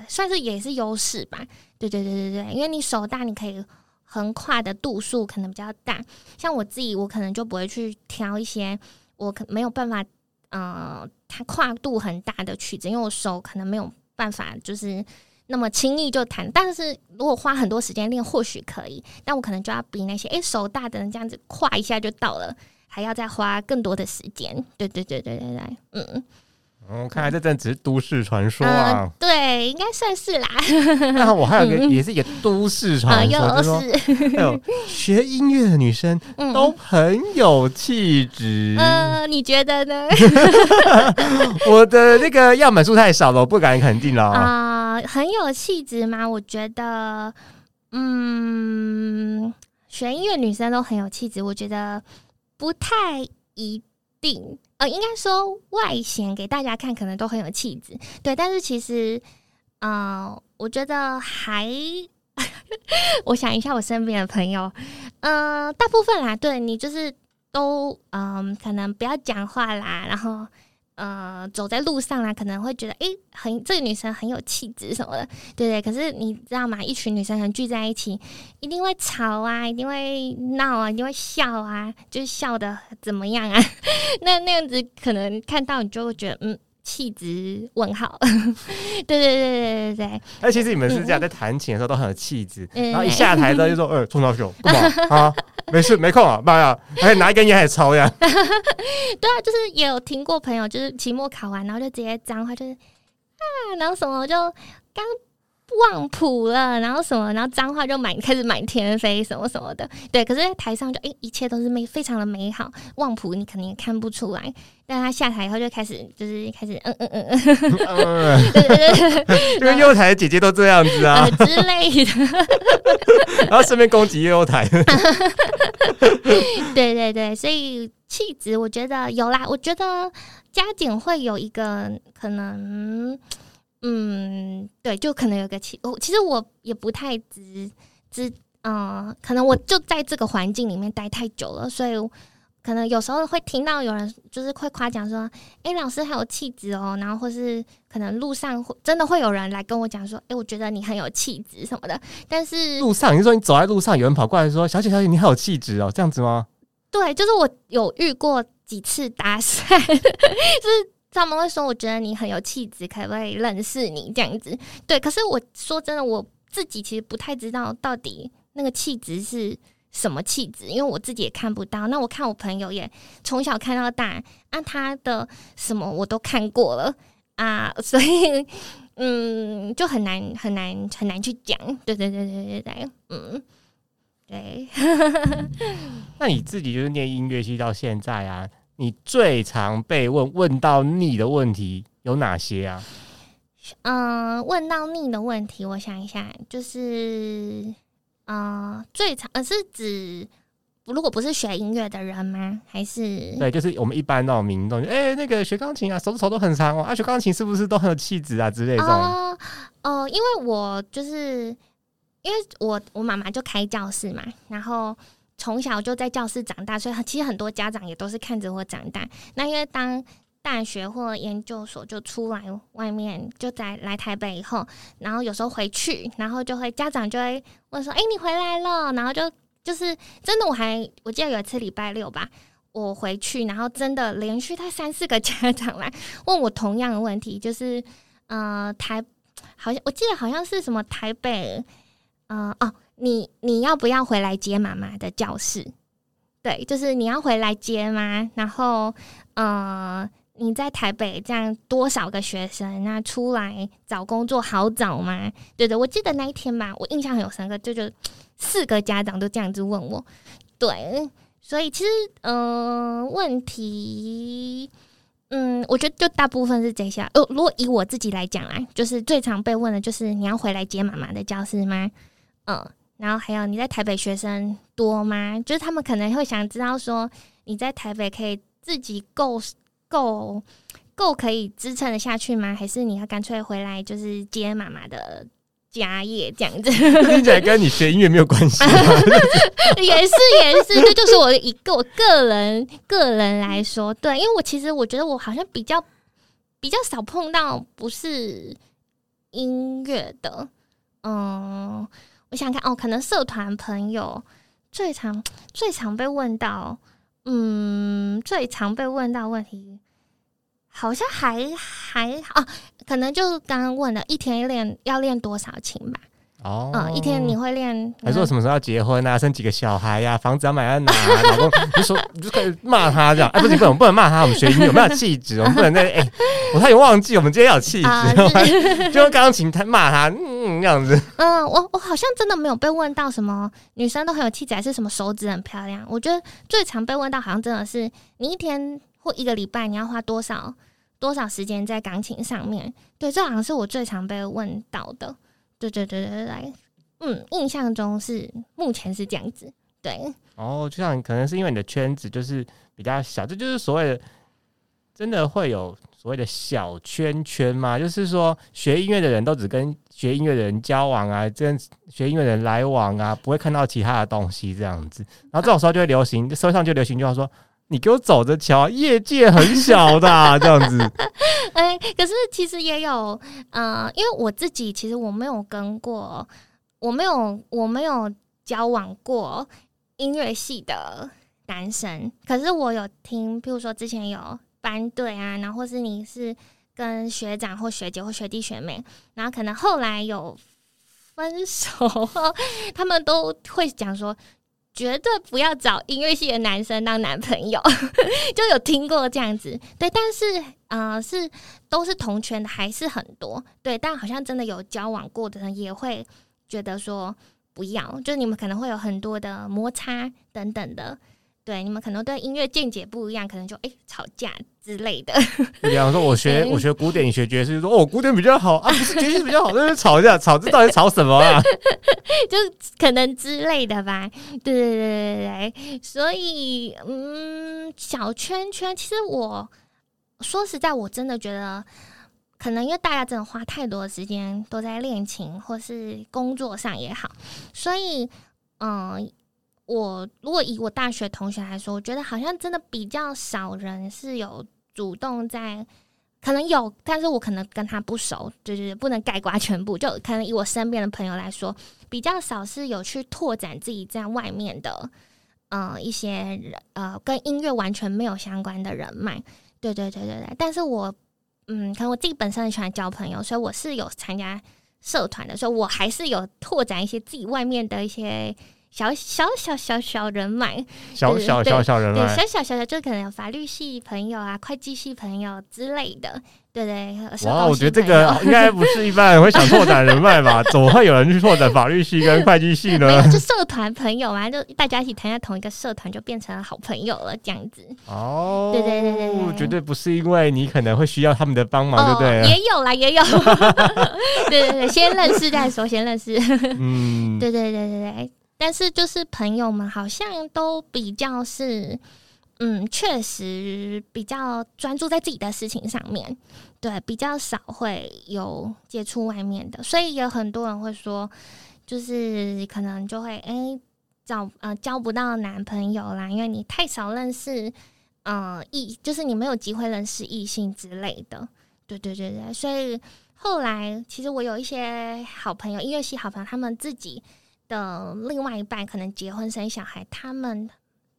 S2: 算是也是優勢吧。對對對對對，因為你手大，你可以橫跨的度數可能比較大。像我自己，我可能就不會去挑一些我可沒有辦法，呃，彈跨度很大的曲子，因為我手可能沒有辦法，就是。那麼輕易就彈，但是如果花很多時間練，或許可以。但我可能就要比那些誒、欸、手大的人這樣子跨一下就到了，還要再花更多的時間。對對對對對對，嗯。
S1: 哦、嗯，看來這真只是都市傳說啊、
S2: 呃！對，應該算是啦。那 我還有一個，也是一
S1: 個都市傳說，嗯呃、 就說還有學音樂的女生都很有氣質、嗯。呃，
S2: 你覺得呢？
S1: 我的那個樣本數太少了，我不敢肯定了哦。
S2: 啊、呃，很有氣質嗎？我覺得，嗯，學音樂女生都很有氣質，我覺得不太一定。呃，應該說外顯給大家看，可能都很有氣質，對。但是其實，呃，我覺得還， 我想一下我身邊的朋友，嗯、呃，大部分啦，對你就是都，嗯、呃，可能不要講話啦，然後。呃，走在路上啦、啊，可能會覺得，誒、欸，很這個女生很有氣質什麼的，對不對？可是你知道嗎？一群女生想聚在一起，一定會吵啊，一定會鬧啊，一定會笑啊，就是笑得怎麼樣啊？那那樣子可能看到你就會覺得，嗯。氣質問號，對對對對對對哎，欸、其實你們是這樣，
S1: 在彈琴的時候都很有氣質，然後一下台呢就說：“呃、欸，衝到師，不忙啊，沒事，沒空啊，媽呀、啊，還得拿一根菸還抽呀。”
S2: 對啊，就是也有聽過朋友，就是期末考完，然後就直接髒話就是啊，然後什麼就剛。忘譜了，然後什麼，然後髒話就滿開始滿天飛，什麼什麼的。對，可是台上就哎，一切都是美，非常的美好。忘譜你肯定也看不出來，但他下台以後就開始，就是開始，嗯嗯嗯嗯、 呃，嗯 對
S1: 對，對， 因為幼台的姐姐都這樣子啊、呃、之類的，然後順便攻擊幼台。
S2: 對對對，對，所以氣質我覺得有啦，我覺得家境會有一個可能。嗯，對，就可能有個氣哦，其實我也不太直知，嗯、呃，可能我就在這個環境裡面待太久了，所以可能有時候會聽到有人就是會誇獎說，哎、欸，老師很有氣質哦，然後或是可能路上會真的會有人來跟我講說，哎、欸，我覺得你很有氣質什麼的，但是路上，你
S1: 是說你走在路上，有人跑過來說，小姐小姐，你很有氣質哦，這樣子嗎？
S2: 對，就是我有遇過幾次搭訕，就是。他們會說：“我覺得你很有氣質，可不可以認識你這樣子？”對，可是我說真的，我自己其實不太知道到底那個氣質是什麼氣質，因為我自己也看不到。那我看我朋友也從小看到大，那、啊、他的什麼我都看過了啊，所以嗯，就很難很難很難去講。對對對對對對，嗯，對。
S1: 那你自己就是念音樂系到現在啊？你最常被問問到膩的問題有哪些啊？嗯、
S2: 呃，問到膩的問題，我想一下，就是呃，最常呃是指，如果不是學音樂的人嗎？還是對，就是
S1: 我們一般那種民眾，哎、欸，那個學鋼琴啊，手指頭都很長哦、喔，啊，學鋼琴是不是都很有氣質啊之類的？
S2: 哦、呃呃，因為我就是因為我我媽媽就開教室嘛，然後。從小就在教室長大，所以其實很多家長也都是看着我長大。那因為當大學或研究所就出來外面，就在來台北以後，然後有時候回去，然後就會家長就會問說：“哎、欸，你回來了？”然後就就是真的，我還我記得有一次禮拜六吧，我回去，然後真的連續他三四個家長來問我同樣的問題，就是呃台好像我記得好像是什麼台北，嗯、呃、哦。你你要不要回來接媽媽的教室？對，就是你要回來接嗎？然後，呃，你在台北這樣多少個學生？那出來找工作好找嗎？對的，我記得那一天吧，我印象很有深刻，就就四個家長都這樣子問我。對，所以其實，嗯、呃，問題，嗯，我覺得就大部分是這些。哦、呃，如果以我自己來講啊，就是最常被問的，就是你要回來接媽媽的教室嗎？嗯、呃。然後還有你在台北學生多嗎？就是他們可能會想知道說你在台北可以自己夠夠夠可以支撐得下去嗎？還是你要乾脆回來就是接媽媽的家業這樣子？聽起來跟
S1: 你學音樂沒有關係嗎、
S2: 啊？ 也是也是，這就是我一個我個人個人來說，對，因為我其實我覺得我好像比較比較少碰到不是音樂的，嗯。我想看哦，可能社團朋友最常最常被問到，嗯，最常被問到問題，好像還還好，哦，可能就剛剛問了，一天一練要練多少琴吧。哦、oh, 嗯，一天你會練？還說什麼
S1: 時候要結婚啊？嗯、生幾個小孩呀、啊？房子要買要啊？ 老公就說，你就你就可以罵他這樣。哎， 欸、不行我 不能罵他，我們學音樂有沒有氣質？我們不能在哎、欸，我差點忘記，我們今天要有氣質， 就用鋼琴彈罵他，嗯，這樣子。嗯，
S2: 我我好像真的沒有被問到什麼女生都很有氣質，還是什麼手指很漂亮？我覺得最常被問到，好像真的是你一天或一個禮拜你要花多少多少時間在鋼琴上面？對，這好像是我最常被問到的。對對對對對，嗯，印象中是目前是這樣子，對。
S1: 哦，就像可能是因為你的圈子就是比較小，這就是所謂的真的會有所謂的小圈圈嗎？就是說學音樂的人都只跟學音樂的人交往啊，跟學音樂的人來往啊，不會看到其他的東西這樣子。然後這種時候就會流行，啊、社會上就流行，就要說。你給我走着瞧，業界很小的、啊、這樣子 、
S2: 欸。可是其實也有，嗯、呃，因為我自己其實我沒有跟過，我沒有我沒有交往過音樂系的男生。可是我有聽，譬如說之前有班隊啊，然後或是你是跟學長或學姐或學弟學妹，然後可能後來有分手， 他們都會講說。絕對不要找音樂系的男生當男朋友， 就有聽過這樣子。對，但是啊、呃，是都是同圈的還是很多？對，但好像真的有交往過的人也會覺得說不要，就你們可能會有很多的摩擦等等的。對，你們可能對音樂見解不一樣，可能就哎、欸、吵架之類的。
S1: 比方說，我學、嗯、我學古典，你學爵士，就說哦古典比較好啊，
S2: 爵士比較好， 那就
S1: 吵一架，吵這到底吵什麼啊？
S2: 就可能之類的吧。對對對對對，所以嗯，小圈圈，其實我說實在，我真的覺得，可能因為大家真的花太多的時間都在練琴，或是工作上也好，所以嗯。我如果以我大學同學來說，我覺得好像真的比較少人是有主動在，可能有，但是我可能跟他不熟，就是不能概括全部。就可能以我身邊的朋友來說，比較少是有去拓展自己在外面的，嗯、呃，一些人，呃，跟音樂完全沒有相關的人脈。對對對對對。但是我，嗯，可能我自己本身很喜歡交朋友，所以我是有參加社團的，所以我還是有拓展一些自己外面的一些。小小小小小人脈，小對小小小人脈，小小小小就可能有法律系朋友啊、會計系朋友之類的。對對，對，哇，我覺得這個應該不是一般人會想拓展
S1: 人脈吧？怎麼 會有人去拓展法律系跟會計系呢？ 就社
S2: 團朋友嘛，就大家一起參加，同一個社團，就變成好朋友了這樣子。哦，對對對不絕對
S1: 不是因為你可能會需要他們的幫忙對，對不對？也
S2: 有啦，也有。對對對，先認識再說，先認識。 嗯，對對對對對。但是，就是朋友們好像都比較是，嗯，確實比較專注在自己的事情上面，對，比較少會有接觸外面的，所以有很多人會說，就是可能就會哎、欸、找呃交不到男朋友啦，因為你太少認識，嗯、呃、異，就是你沒有機會認識異性之類的，對對對對，所以後來其實我有一些好朋友，音樂系好朋友，他們自己。的另外一半可能結婚生小孩，他們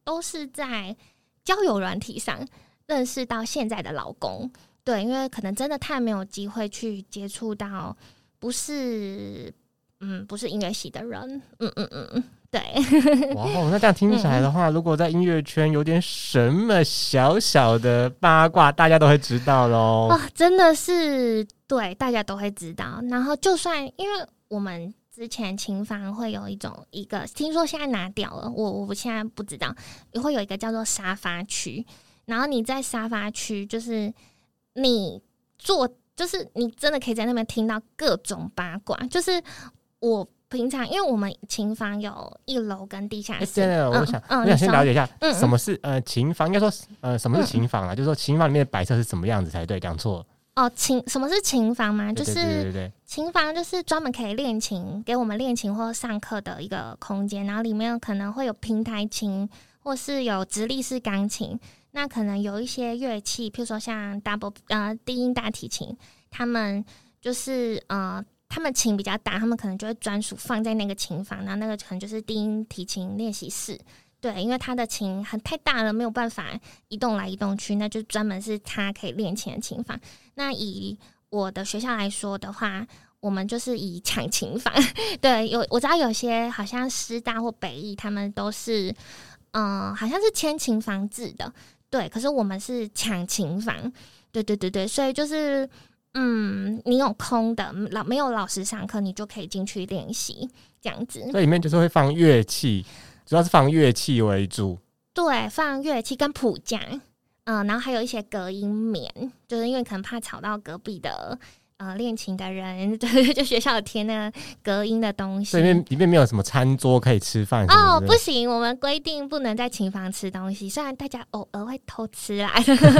S2: 都是在交友軟體上認識到現在的老公，對，因為可能真的太沒有機會去接觸到不是嗯不是音樂系的人，嗯嗯嗯嗯，對。哇哦，那這樣聽起來的
S1: 話， 嗯、如果在音樂圈有點什麼小小的八卦，大家都會知道嘍。哇、
S2: 啊，真的是對，大家都會知道。然後就算因為我們。之前琴房會有一種一個，聽說現在拿掉了，我我不現在不知道，會有一個叫做沙發區，然後你在沙發區，就是你坐，就是你真的可以在那邊聽到各種八卦。就是我平常因為我們琴房有一樓跟地下室，真的，欸，我想我，嗯，想先了解一下，嗯，什麼
S1: 是，嗯、呃琴房，應該說呃什麼是琴房啊？嗯，就是說琴房裡面的擺設是什麼樣子才對，講錯。
S2: 哦，琴，什麼是琴房嗎？就是琴房就是專門可以練琴，給我們練琴或上課的一個空間。然後裡面可能會有平台琴，或是有直立式鋼琴。那可能有一些樂器，譬如說像 double 呃低音大提琴，他們就是呃他們琴比較大，他們可能就會專屬放在那個琴房。然後那個可能就是低音提琴練習室。對，因為他的琴很太大了，沒有辦法移動來移動去，那就專門是他可以練琴的琴房。那以我的學校來說的話，我們就是以搶琴房。對，有我知道有些好像師大或北藝，他們都是嗯、呃，好像是簽琴房制的。對，可是我們是搶琴房。對，對，對，對。所以就是嗯，你有空的老沒有老師上課，你就可以進去練習這樣子。所以裡
S1: 面就是會放樂器。主要是放樂器為主，
S2: 對，放樂器跟譜架，嗯、呃，然後還有一些隔音棉，就是因為可能怕吵到隔壁的。呃，練琴的人就，就學校有貼那個隔音的東西，裡面
S1: 裡面沒有什麼餐桌可以吃飯哦，不
S2: 行，對我們規定不能在琴房吃東西，雖然大家偶爾會偷吃啦， 對對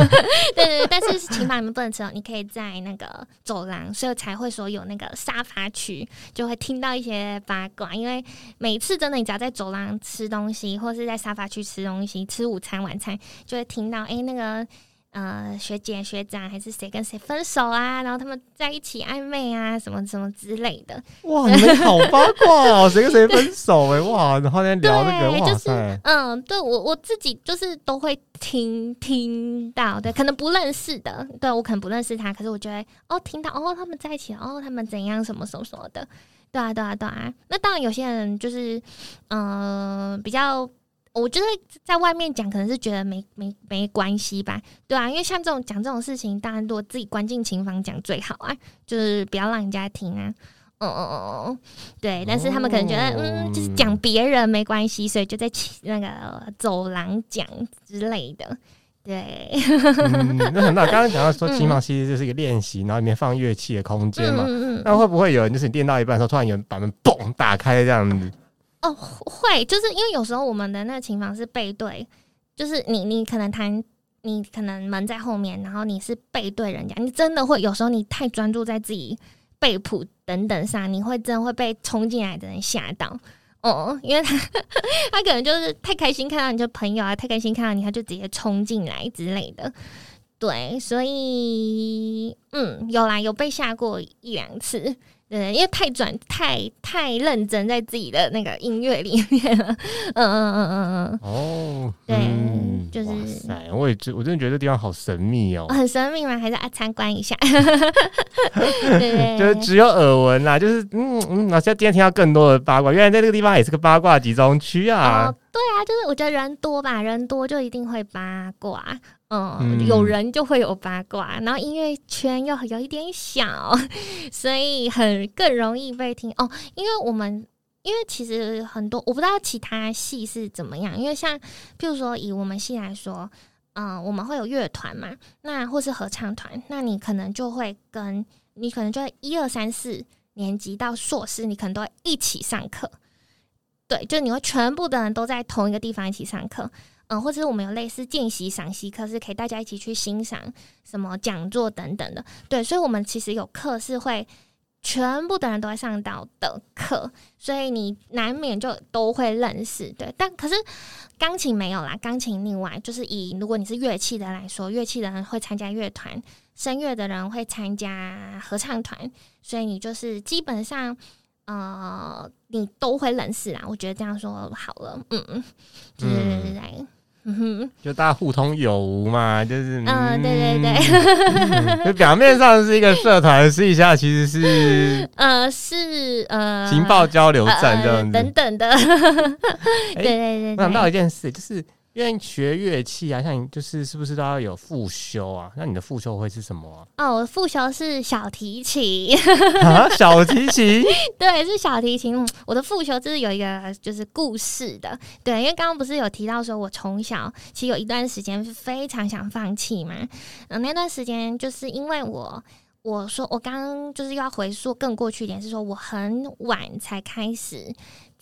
S2: 對， 但是，是琴房裡面不能吃，喔，哦。你可以在那個走廊，所以才會說有那個沙發區就會聽到一些八卦，因為每次真的你只要在走廊吃東西，或是在沙發區吃東西，吃午餐晚餐就會聽到哎、欸、那個。呃，學姐學長還是誰跟誰分手啊？然後他們在一起曖昧啊，什麼什麼之類的。哇，你們好
S1: 八卦哦，啊！誰 對 跟誰分手哎，欸？哇，然後在聊那個對哇塞、就是，
S2: 嗯，對我我自己就是都會聽聽到的，可能不認識的。對我可能不認識他，可是我覺得哦，聽到哦他們在一起，哦他們怎樣什麼什麼什麼的。對啊，對啊，對啊。那當然，有些人就是嗯、呃、比較。我覺得在外面講，可能是覺得沒沒沒關係吧，對啊，因為像這種講這種事情，當然如果自己關進琴房講最好啊，就是不要讓人家聽啊。哦哦哦，對，但是他們可能覺得，哦、嗯，就是講別人沒關係，所以就在那個走廊講之類的。對、嗯，那很那剛剛講到說，琴房其
S1: 實就是一個練習，嗯、然後裡面放樂器的空間嘛。嗯嗯嗯，那會不會有人就是你練到一半的時候，突然有人把門嘣打開這樣子？
S2: 哦，會就是因為有時候我們的那個琴房是背對，就是你你可能彈，你可能門在後面，然後你是背對人家，你真的會有時候你太專注在自己背譜等等上，你會真的會被衝進來的人嚇到哦，因為他他可能就是太開心看到你的朋友啊，太開心看到你，他就直接衝進來之類的，對，所以嗯，有啦，有被嚇過一兩次。對，因為太專太太認真在自己的那個音樂裡面了，嗯嗯
S1: 嗯嗯嗯。哦，對，就是。哇塞，我也覺，我真的覺得這地方好神秘哦。哦，
S2: 很神秘嘛。還是啊，參觀一下。 對， 就
S1: 只有耳聞啦。就是，嗯嗯，老師要今天聽到更多的八卦，原來在這個地方也是個八卦集中區啊、
S2: 哦。對啊，就是我覺得人多吧，人多就一定會八卦。呃、嗯，有人就會有八卦，然後音樂圈又有一點小，所以很更容易被聽哦。因為我們，因為其實很多，我不知道其他系是怎麼樣。因為像，譬如說以我們系來說，嗯、呃，我們會有樂團嘛，那或是合唱團，那你可能就會跟你可能就會一二三四年級到碩士，你可能都一起上課。對，就你會全部的人都在同一個地方一起上課。嗯，或者我們有類似見習、賞析課，是可以大家一起去欣賞什麼講座等等的。對，所以，我們其實有課是會全部的人都會上到的課，所以你難免就都會認識。對，但可是鋼琴沒有啦，鋼琴另外就是以如果你是樂器的人來說，樂器的人會參加樂團，聲樂的人會參加合唱團，所以你就是基本上。呃，你都會認識啦，我覺得這樣說好了，嗯、就是、嗯，對對對，嗯
S1: 哼，就大家互通有無嘛，就是，嗯、呃，對對對、嗯，就表面上是一個社團，私底 下其實是，
S2: 呃，是呃情報交流站這樣子等等的誒對，對對對，我想到一件
S1: 事就是。因為學樂器啊，像你就是是不是都要有副修啊？那你的副修會是什麼、啊？
S2: 哦，我的副修是小提琴。 啊、小提琴？ 對，是小提琴。我的副修就是有一個就是故事的。對，因為剛剛不是有提到說我從小其實有一段時間是非常想放棄嘛。嗯、呃，那段時間就是因為我我說我剛就是要回溯更過去一點，是說我很晚才開始。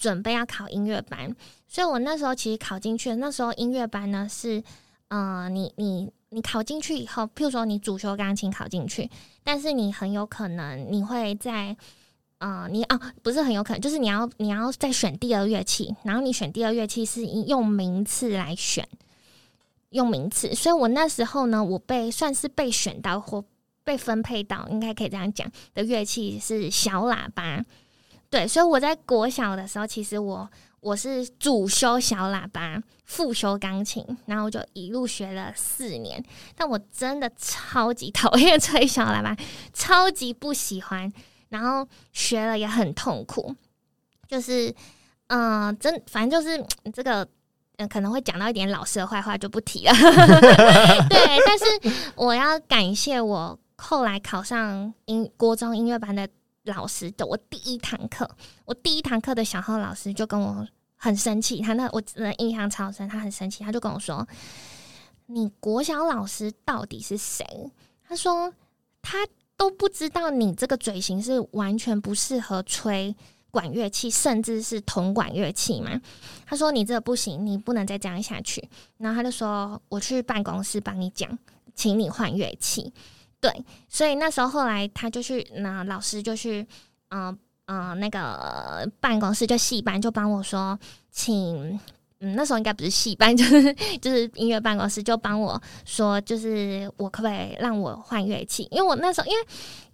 S2: 準備要考音樂班，所以我那時候其實考進去的。那時候音樂班呢是，呃，你你你考進去以後，譬如說你主修鋼琴考進去，但是你很有可能你會在，呃，你啊不是很有可能，就是你要你要再選第二樂器，然後你選第二樂器是用名次來選，用名次。所以我那時候呢，我被算是被選到或被分配到，應該可以這樣講的樂器是小喇叭。對，所以我在國小的時候，其實我我是主修小喇叭，副修鋼琴，然後就一路學了四年。但我真的超級討厭吹小喇叭，超級不喜歡，然後學了也很痛苦。就是，嗯、呃，真反正就是這個、呃，可能會講到一點老師的壞話，就不提了。 對，但是我要感謝我後來考上音國中音樂班的。老師的我第一堂課，我第一堂課的小號老師就跟我很生氣，他那我只能印象超深，他很生氣，他就跟我說：“你國小老師到底是誰？”他說：“他都不知道你這個嘴型是完全不適合吹管樂器，甚至是銅管樂器嘛。”他說：“你這個不行，你不能再這樣下去。”然後他就說：“我去辦公室幫你講，請你換樂器。”對，所以那時候後來他就去，那、嗯、老師就去，嗯、呃、嗯、呃，那個辦公室就系辦就幫我說，請，嗯，那時候應該不是系辦，就是就是音樂辦公室就幫我說，就是我可不可以讓我換樂器？因為我那時候因為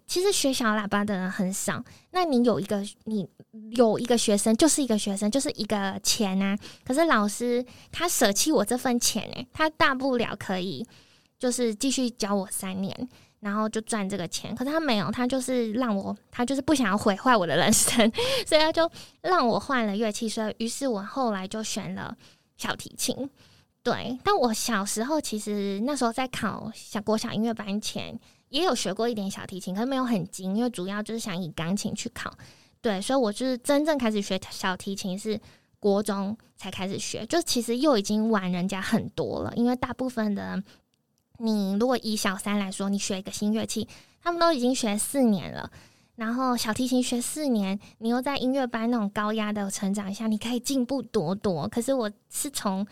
S2: 其實學小喇叭的人很少，那你有一個你有一個學生就是一個學生就是一個錢啊，可是老師他舍棄我這份錢哎、欸，他大不了可以就是繼續教我三年。然後就賺這個錢，可是他沒有，他就是讓我，他就是不想要毀壞我的人生，所以他就讓我換了樂器。所以，於是我後來就選了小提琴。對，但我小時候其實那時候在考小國小音樂班前，也有學過一點小提琴，可是沒有很精，因為主要就是想以鋼琴去考。對，所以我就是真正開始學小提琴是國中才開始學，就其實又已經晚人家很多了，因為大部分的。你如果以小三來說，你學一個新樂器，他們都已經學四年了，然後小提琴學四年，你又在音樂班那種高壓的成長一下，你可以進步多多。可是我是從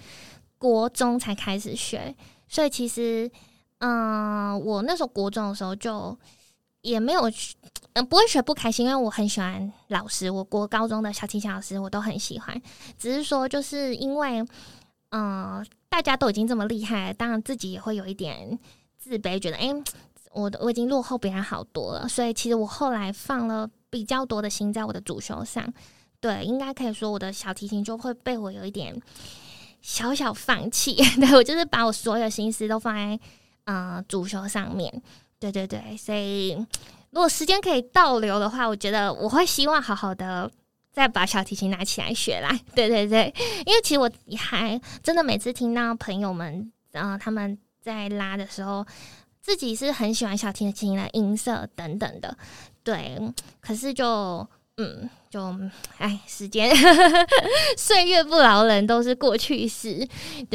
S2: 國中才開始學，所以其實，嗯、呃，我那時候國中的時候就也沒有學，嗯、呃，不會學不開心，因為我很喜歡老師，我國高中的小提琴老師我都很喜歡，只是說就是因為，嗯、呃。大家都已經這麼厲害了，當然自己也會有一點自卑，覺得哎、欸，我的我已經落後別人好多了。所以其實我後來放了比較多的心在我的主修上，對，應該可以說我的小提琴就會被我有一點小小放棄。對，我就是把我所有心思都放在嗯、呃、主修上面，對對對。所以如果時間可以倒流的話，我覺得我會希望好好的。再把小提琴拿起來學啦，對對對，因為其實我還真的每次聽到朋友們，啊、呃，他們在拉的時候，自己是很喜歡小提琴的音色等等的，對。可是就，嗯，就，哎，時間歲 月不饒人，都是過去式，對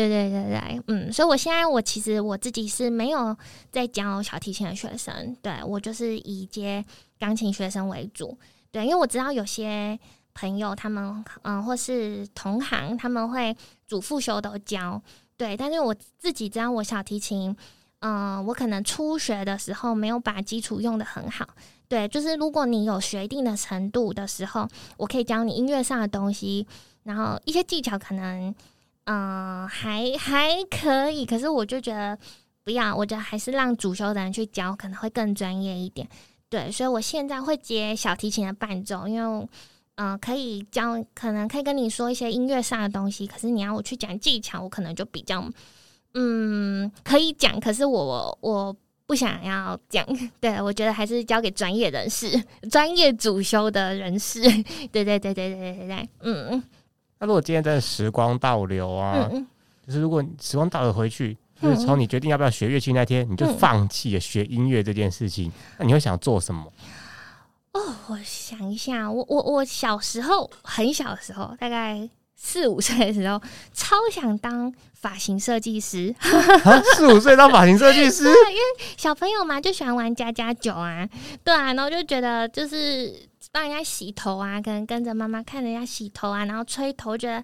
S2: 對對對，嗯，所以我現在我其實我自己是沒有在教小提琴的學生，對我就是以接鋼琴學生為主，對，因為我知道有些。朋友，他們嗯、呃，或是同行，他們會主副修都教，對。但是我自己，知道，我小提琴，嗯、呃，我可能初學的時候沒有把基礎用得很好，對。就是如果你有學一定的程度的時候，我可以教你音樂上的東西，然後一些技巧可能，嗯、呃，還還可以。可是我就覺得不要，我覺得還是讓主修的人去教，可能會更專業一點，對。所以我現在會接小提琴的伴奏，因為。嗯、呃，可以教，可能可以跟你說一些音樂上的東西，可是你要我去講技巧，我可能就比較，嗯，可以講，可是我我，我不想要講，對我覺得還是交給專業人士、專業主修的人士。對對對對對對對，嗯嗯。那、
S1: 啊、如果今天真的時光倒流啊，嗯嗯就是如果時光倒流回去，就是從你決定要不要學樂器那天，嗯、你就放棄了學音樂這件事情，嗯、那你會想做什麼？
S2: 哦，oh, 我想一下，我我我小時候很小的時候，大概四五歲的時候，超想當髮型設計師。
S1: 四五歲當髮型設計師，
S2: 因為小朋友嘛，就喜歡玩家家酒啊，對啊，然後就覺得就是幫人家洗頭啊，可能跟着媽媽看人家洗頭啊，然後吹頭，覺得。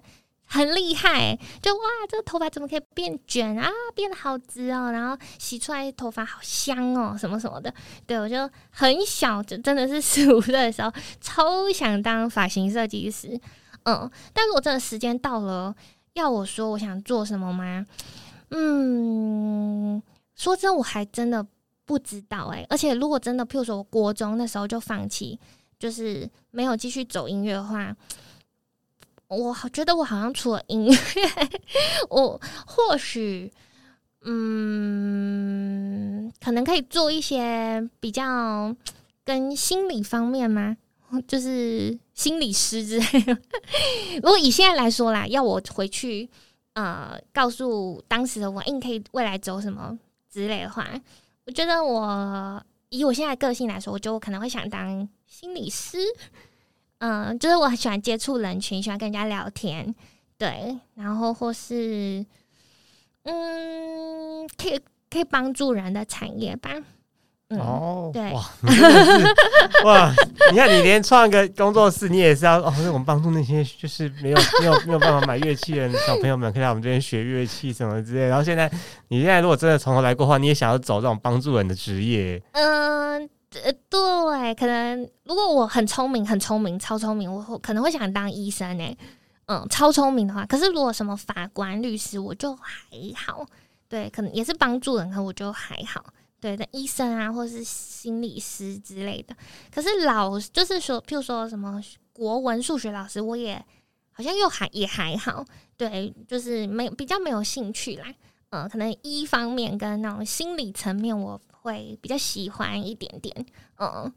S2: 很厲害，就哇，這個頭髮怎麼可以變捲啊？變得好直哦，然後洗出來頭髮好香哦，什麼什麼的。對，我就很小，就真的是十五歲的時候，超想當髮型設計師。嗯，但如果真的時間到了，要我說我想做什麼嗎？嗯，說真的，我還真的不知道哎。而且，如果真的，譬如說，我國中那時候就放棄，就是沒有繼續走音樂的話。我覺得我好像除了音樂，我或許嗯，可能可以做一些比較跟心理方面嗎？就是心理師之類的。如果以現在來說啦，要我回去呃，告訴當時的我，應可以未來走什麼之類的話，我覺得我以我現在個性來說，我覺得我可能會想當心理師。嗯，就是我很喜歡接觸人群，喜歡跟人家聊天，對，然後或是嗯，可以可以幫助人的產業吧。嗯、哦，對哇，
S1: 哇，你看你連創個工作室，你也是要哦那種幫助那些就是沒有沒有沒有辦法買樂器的小朋友們， 可以在我們這邊學樂器什麼之類的。然後現在你現在如果真的從頭來過的話，你也想要走這種幫助人的職業。
S2: 嗯。呃，對，可能如果我很聰明，很聰明，超聰明，我可能會想當醫生誒，嗯，超聰明的話，可是如果什麼法官、律師，我就還好。對，可能也是幫助人，可我就還好。對，但醫生啊，或是心理師之類的，可是老就是說，譬如說什麼國文、數學老師，我也好像又還也還好。對，就是沒比較沒有興趣啦。嗯，可能一方面跟那種心理層面我。會比較喜歡一點點，嗯，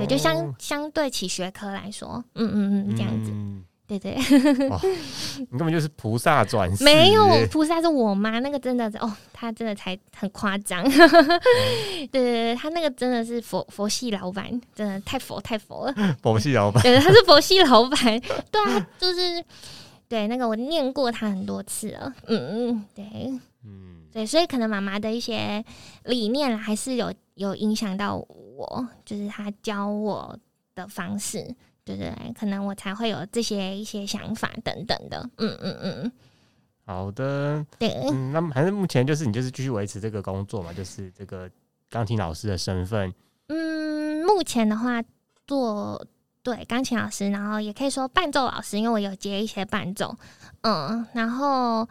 S2: 也就相相對起學科來說，嗯嗯嗯，這樣子，嗯，對對對，哦，
S1: 你根本就是菩薩轉世，沒有菩
S2: 薩是我媽，那個真的是哦，她真的才很誇張， 對對對，她那個真的是佛佛系老板，真的太佛太佛了，佛系老板，對，她是佛系老板， 對啊，她就是對那個我念過他很多次了，嗯嗯，對。對，所以可能媽媽的一些理念還是有有影響到我，就是她教我的方式，就是可能我才會有這些一些想法等等的。嗯嗯
S1: 嗯，好的。對，嗯，那麼還是目前就是你就是繼續維持這個工作嘛，就是這個鋼琴老師的身份。
S2: 嗯，目前的話做，對，鋼琴老師，然後也可以說伴奏老師，因為我有接一些伴奏。嗯，然後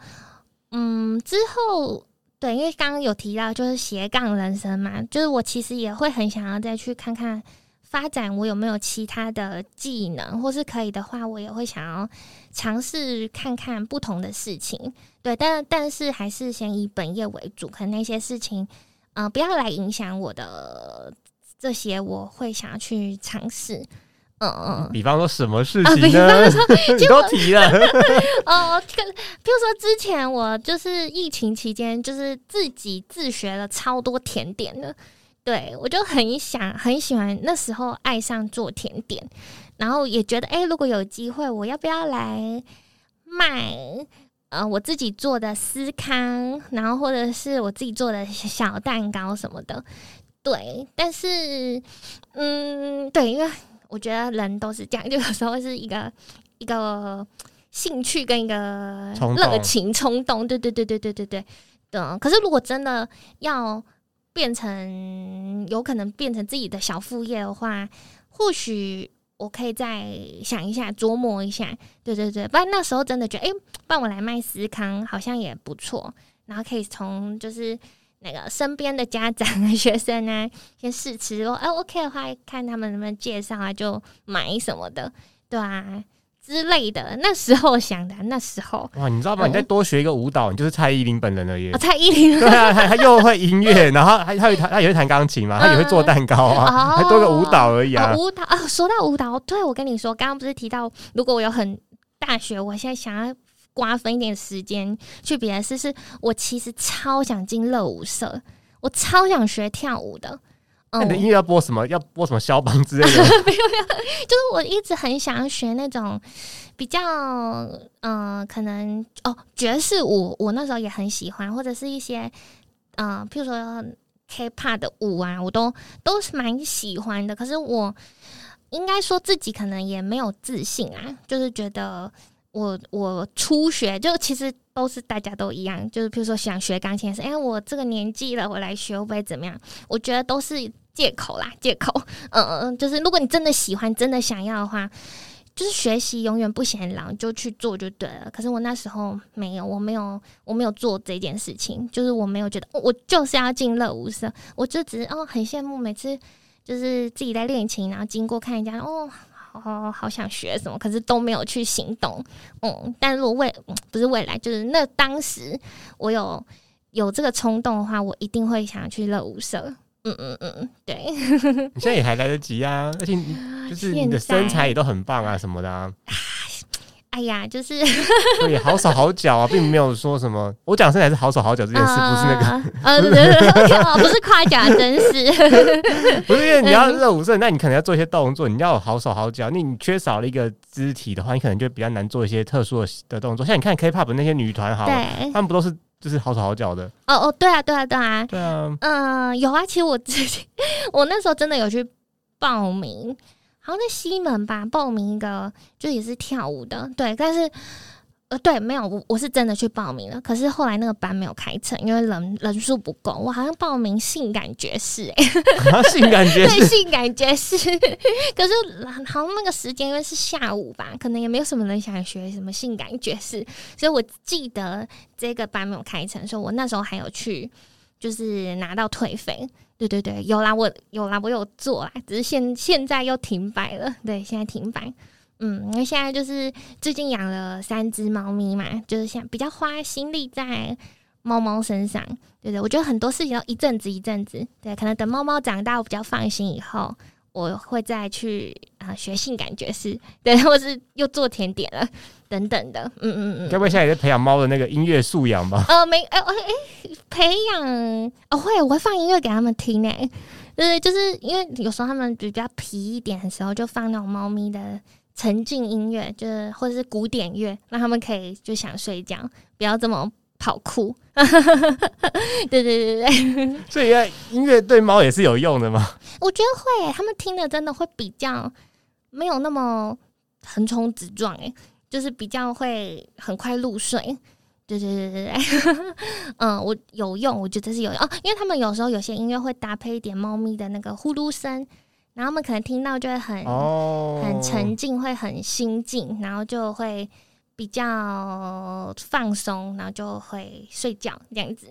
S2: 嗯之後。對，因為剛剛有提到就是斜槓人生嘛，就是我其實也會很想要再去看看發展，我有沒有其他的技能，或是可以的話，我也會想要嘗試看看不同的事情。對，但但是還是先以本業為主，可能那些事情，嗯，呃，不要來影響我的這些，我會想要去嘗試。嗯，比
S1: 方說什麼事情呢？啊，比方說就 你都提了。
S2: 哦、 呃，比如說之前我就是疫情期間，就是自己自學了超多甜點的，對，我就很想很喜歡。那時候愛上做甜點，然後也覺得哎，欸，如果有機會，我要不要來賣？呃，我自己做的司康，然後或者是我自己做的小蛋糕什麼的。對，但是嗯，對，因為。我覺得人都是這樣，就有時候是一個一個興趣跟一個熱情衝動，衝動對對對對對對對的。可是如果真的要變成，有可能變成自己的小副業的話，或許我可以再想一下，琢磨一下。對對對，不然那時候真的覺得，哎、欸，幫我來賣司康好像也不錯，然後可以從就是。那個身邊的家長啊、學生啊，先試吃哦。哎、啊、OK 的話，看他們能不能介紹啊，就買什麼的，對啊之類的。那時候想的，那時候哇，
S1: 你知道嗎？嗯、你再多學一個舞蹈，你就是蔡依林本人了耶、哦！蔡依林，對啊，他又會音樂， 然後還他會彈，她也會彈鋼琴嘛，他也會做蛋糕啊，嗯、還多個舞蹈而已啊！哦哦哦、舞
S2: 蹈哦，說到舞蹈，對我跟你說，剛剛不是提到，如果我有很大學，我現在想要。瓜分一點時間去別的事，是我其實超想進熱舞社，我超想學跳舞的。那你又
S1: 要播什麼？要播什麼肖邦之類的？沒有，
S2: 沒有，就是我一直很想學那種比較，嗯、呃，可能哦爵士舞，我那時候也很喜歡，或者是一些，嗯、呃，譬如說 K pop 的舞啊，我都都是蠻喜歡的。可是我應該說自己可能也沒有自信啊，就是覺得。我我初學就其實都是大家都一樣，就是比如說想學鋼琴是，哎、欸，我這個年紀了，我來學會怎麼樣？我覺得都是借口啦，借口。嗯嗯嗯，就是如果你真的喜歡，真的想要的話，就是學習永遠不嫌老，就去做就對了。可是我那時候沒有，我沒有，我沒有做這件事情，就是我沒有覺得，哦、我就是要進樂舞社，我就只是哦很羨慕，每次就是自己在練琴，然後經過看一下哦。哦，好想學什麼，可是都沒有去行動。嗯，但如果未，不是未來，就是那當時我有有這個衝動的話，我一定會想去熱舞社。嗯嗯嗯，對。
S1: 你現在也還來得及啊，而且就是你的身材也都很棒啊，什麼的、啊。哎呀，就是對，好手好腳啊，並沒有說什麼。我講的還是好手好腳這件事，呃、不是那個，呃、不是
S2: 誇獎，真是。不是因為你要
S1: 熱舞社，那你可能要做一些動作，你要好手好腳，那你缺少了一個肢體的話，你可能就比較難做一些特殊的的動作。像你看 K-pop 那些女團，哈對，他們不都是就是好手好腳的？
S2: 哦哦，對啊，對啊，對啊，對啊。嗯，有啊，其實我自己我那時候真的有去報名。好像在西門吧，報名一個就也是跳舞的，對，但是呃，對，沒有，我我是真的去報名了，可是後來那個班沒有開成，因為人人數不夠。我好像報名性感爵士、欸，哎、啊，性感爵士， 對，性感爵士。 可是好像那個時間因為是下午吧，可能也沒有什麼人想學什麼性感爵士，所以我記得這個班沒有開成。所以我那時候還有去，就是拿到退費。對對對，有啦，我有啦，我有做啦，只是現現在又停擺了。對，現在停擺。嗯，因為現在就是最近養了三隻貓咪嘛，就是像比較花心力在貓貓身上，對對，我覺得很多事情，要一陣子一陣子，對，可能等貓貓長大，我比較放心以後，我會再去啊、呃、學性感爵士。對，或是又做甜點了。等等的，嗯嗯嗯，該不會
S1: 現在也在培養貓的那個音樂素養吧？
S2: 呃，沒，哎、欸、哎，培養，哦會，我會放音樂給他們聽哎，對，就是因為有時候他們比較皮一點的時候，就放那種貓咪的沉浸音樂，就是或者是古典樂，讓他們可以就想睡覺，不要這麼跑酷。 對對對對，所以
S1: 音樂對貓也是有用的嗎？
S2: 我覺得會、欸，他們聽的真的會比較沒有那麼橫衝直撞、欸，哎。就是比較會很快入睡，對對對對對，嗯，我有用，我覺得是有用哦。因為他們有時候有些音樂會搭配一點貓咪的那個呼嚕聲，然後他們可能聽到就會很哦，很沉靜，會很心靜，然後就會比較放鬆，然後就會睡覺這樣子。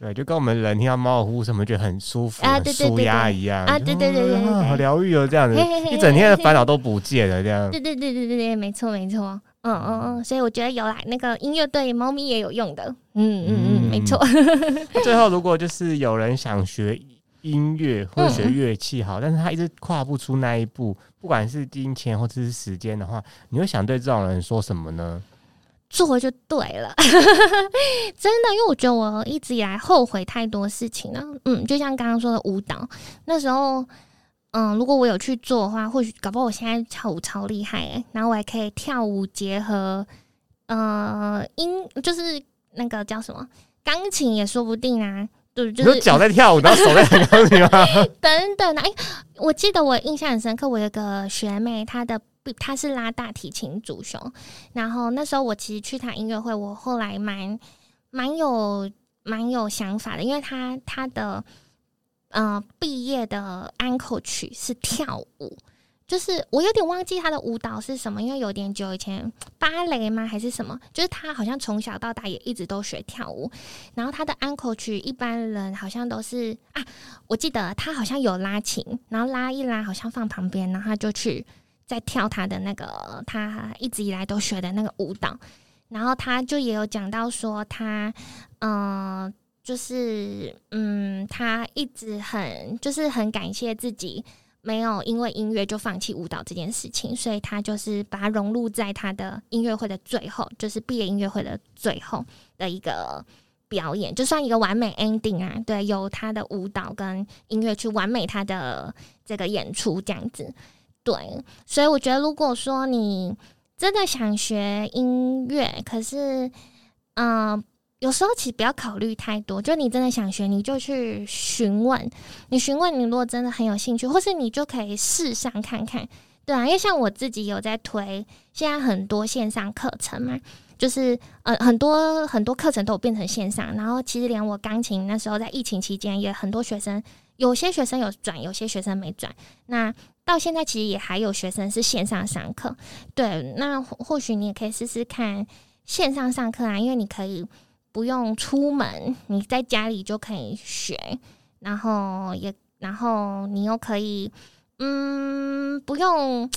S1: 對，就跟我們人聽到貓的呼什麼就很舒服、舒壓一樣啊，對對對對，好療癒哦，這樣子，一整天的煩惱都不見了，這樣。對
S2: 對對對對對，沒錯沒錯。嗯嗯嗯，所以我覺得有來那個音樂對貓咪也有用的。嗯嗯嗯，沒錯。嗯啊、
S1: 最後，如果就是有人想學音樂或者學樂器，好，嗯、但是他一直跨不出那一步，不管是金錢或者是時間的話，你會想對這種人說什麼呢？
S2: 做就對了， 真的。因為我覺得我一直以來後悔太多事情了。嗯，就像剛剛說的舞蹈，那時候。嗯，如果我有去做的話，或許搞不好我現在跳舞超厲害，欸，然後我還可以跳舞結合呃音，就是那個叫什麼鋼琴也說不定啊，對，就是，對，有腳在跳舞，然後手在彈鋼琴啊等等啊！哎，欸，我記得我印象很深刻，我有個學妹，她的她是拉大提琴主修，然後那時候我其實去她音樂會，我後來蠻蠻有蠻有想法的，因為她她的。嗯、畢、呃、業的安可曲是跳舞，就是我有點忘記他的舞蹈是什麼，因為有點久以前芭蕾嗎？還是什麼？就是他好像從小到大也一直都學跳舞，然後他的安可曲一般人好像都是啊，我記得他好像有拉琴，然後拉一拉好像放旁邊，然後他就去再跳他的那個他一直以來都學的那個舞蹈，然後他就也有講到說他嗯。呃就是嗯，他一直很就是很感謝自己沒有因為音樂就放棄舞蹈這件事情，所以他就是把它融入在他的音樂會的最後，就是畢業音樂會的最後的一個表演，就算一個完美 ending 啊。對，由他的舞蹈跟音樂去完美他的這個演出這樣子。對，所以我覺得如果說你真的想學音樂，可是嗯。呃有時候其實不要考慮太多，就你真的想學，你就去詢問。你詢問，你如果真的很有興趣，或是你就可以試上看看，對啊，因為像我自己有在推，現在很多線上課程嘛，就是呃，很多很多課程都變成線上。然後其實連我鋼琴那時候在疫情期間，也很多學生，有些學生有轉，有些學生沒轉。那到現在其實也還有學生是線上上課。對，那或許你也可以試試看線上上課啊，因為你可以。不用出門，你在家裡就可以學，然後也然後你又可以，嗯，不用，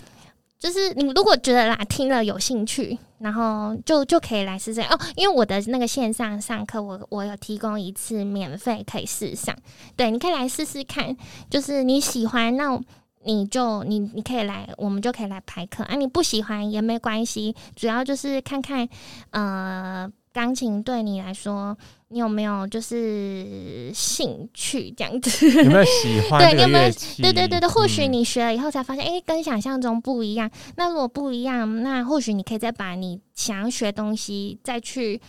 S2: 就是你如果覺得啦聽了有興趣，然後就就可以來試試哦。因為我的那個線上上課我，我我有提供一次免費可以試上，對，你可以來試試看。就是你喜歡，那你就你你可以來，我們就可以來排課。啊，你不喜歡也沒關係，主要就是看看，呃。鋼琴對你來說，你有沒有就是興趣這樣子？有沒有喜歡？ 對，你有沒有？對對對對,對。或許你學了以後才發現，哎、欸，跟想象中不一樣。那如果不一樣，那或許你可以再把你想要學東西再去，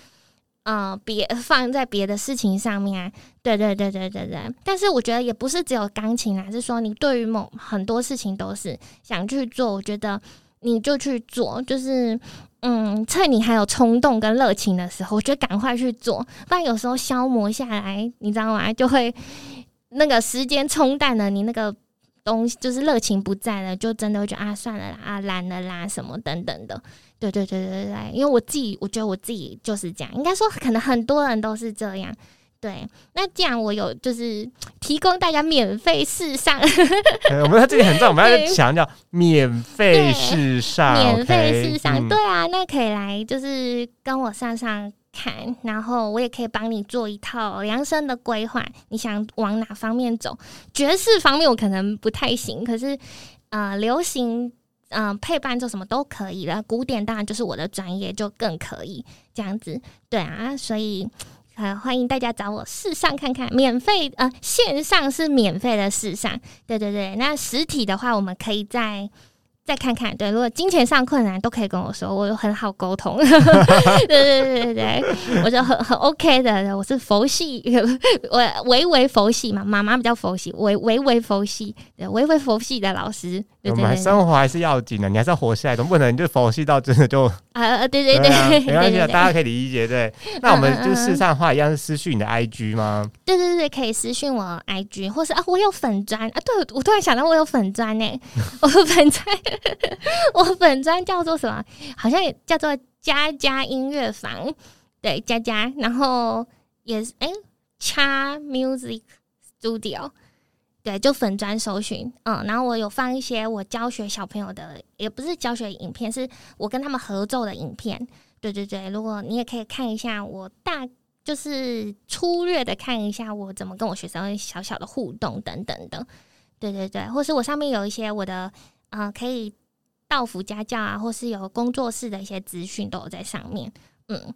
S2: 呃，別放在別的事情上面啊。對對對對對對。但是我覺得也不是只有鋼琴啦，是說你對於某很多事情都是想去做，我覺得你就去做，就是。嗯，趁你還有衝動跟熱情的時候，我就趕快去做，不然有時候消磨下來，你知道嗎？就會那個時間沖淡了你那個東西，就是熱情不在了，就真的會覺得啊，算了啦，懶了啦，啊懶了啦什麼等等的。對對對對對，因為我自己，我覺得我自己就是這樣，應該說可能很多人都是這樣。對，那既然我有，就是提供大家免費試對上。
S1: 我們在這裡很重要，我們要強調免費試上，免費試上。對啊，
S2: 嗯、那可以來就是跟我上上看，然後我也可以幫你做一套量身的規劃。你想往哪方面走？爵士方面我可能不太行，可是呃，流行嗯、呃、配伴奏什麼都可以的。古典當然就是我的專業，就更可以這樣子。對啊，所以。啊、嗯，歡迎大家找我試上看看，免費呃，線上是免費的試上，對對對，那實體的話，我們可以再再看看，對，如果金錢上困難，都可以跟我說，我有很好溝通，對對對對對，我就很很 OK 的，我是佛系，我維維佛系嘛，媽媽比較佛系，維維維佛系，對，維維佛系的老師。對對對對，我們生
S1: 活還是要緊的，啊，你還是要活下來，總不能你就佛系到真的就啊。Uh,
S2: 對對對，沒關係啊，對對對，大家
S1: 可以理解。對，嗯嗯嗯，那我們就私訊的話，一樣是私訊你的 IG 嗎？
S2: 對對對，可以私訊我 IG，或是啊，我有粉專啊。對，我突然想到，我有粉專呢，欸。 我粉專，我粉專叫做什麼？好像也叫做佳佳音樂房。對，佳佳，然後也哎誒，Chia Music Studio。對，就粉專搜尋，嗯，然後我有放一些我教學小朋友的，也不是教學影片，是我跟他們合奏的影片。對對對，如果你也可以看一下，我大就是粗略的看一下我怎麼跟我學生小小的互動等等的。對對對，或是我上面有一些我的，呃，可以到府家教啊，或是有工作室的一些資訊都有在上面，嗯。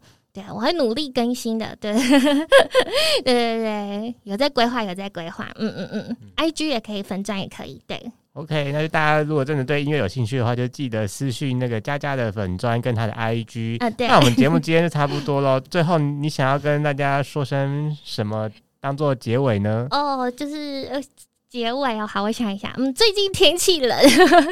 S2: 我會努力更新的，對， 對，對對對，有在規劃，有在規劃，嗯嗯嗯，IG 也可以粉專，也可以，對
S1: ，OK，那就大家如果真的對音樂有興趣的話，就記得私訊那個佳佳的粉專跟他的 IG，啊對，那我們節目今天就差不多囉， 最後你想要跟大家說聲什麼當做結尾呢？哦
S2: ，oh, 就是結尾哦，喔，好，我想一下，嗯，最近天氣冷，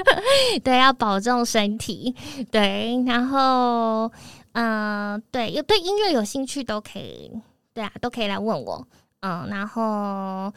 S2: 對，要保重身體，對，然後。嗯，對，有對音樂有興趣都可以，對啊，都可以來問我。嗯，然後。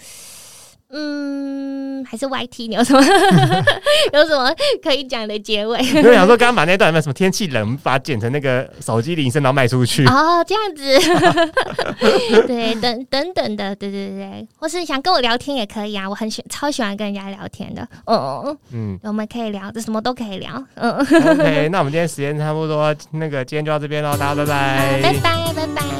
S2: 嗯，還是 YT，你有什麼 有什麼可以講的結尾？因為想說，剛
S1: 剛把那段有沒有什麼天氣冷，把它剪成那個手機鈴聲，然後賣出去
S2: 哦，這樣子。 對，等等等的，對對對，或是想跟我聊天也可以啊，我很喜超喜歡跟人家聊天的。哦，嗯，我們可以聊，這什麼都可以聊。嗯 o、okay,
S1: 那我們今天時間差不多，那個今天就到這邊嘍，大家拜拜，拜拜
S2: 拜拜。拜拜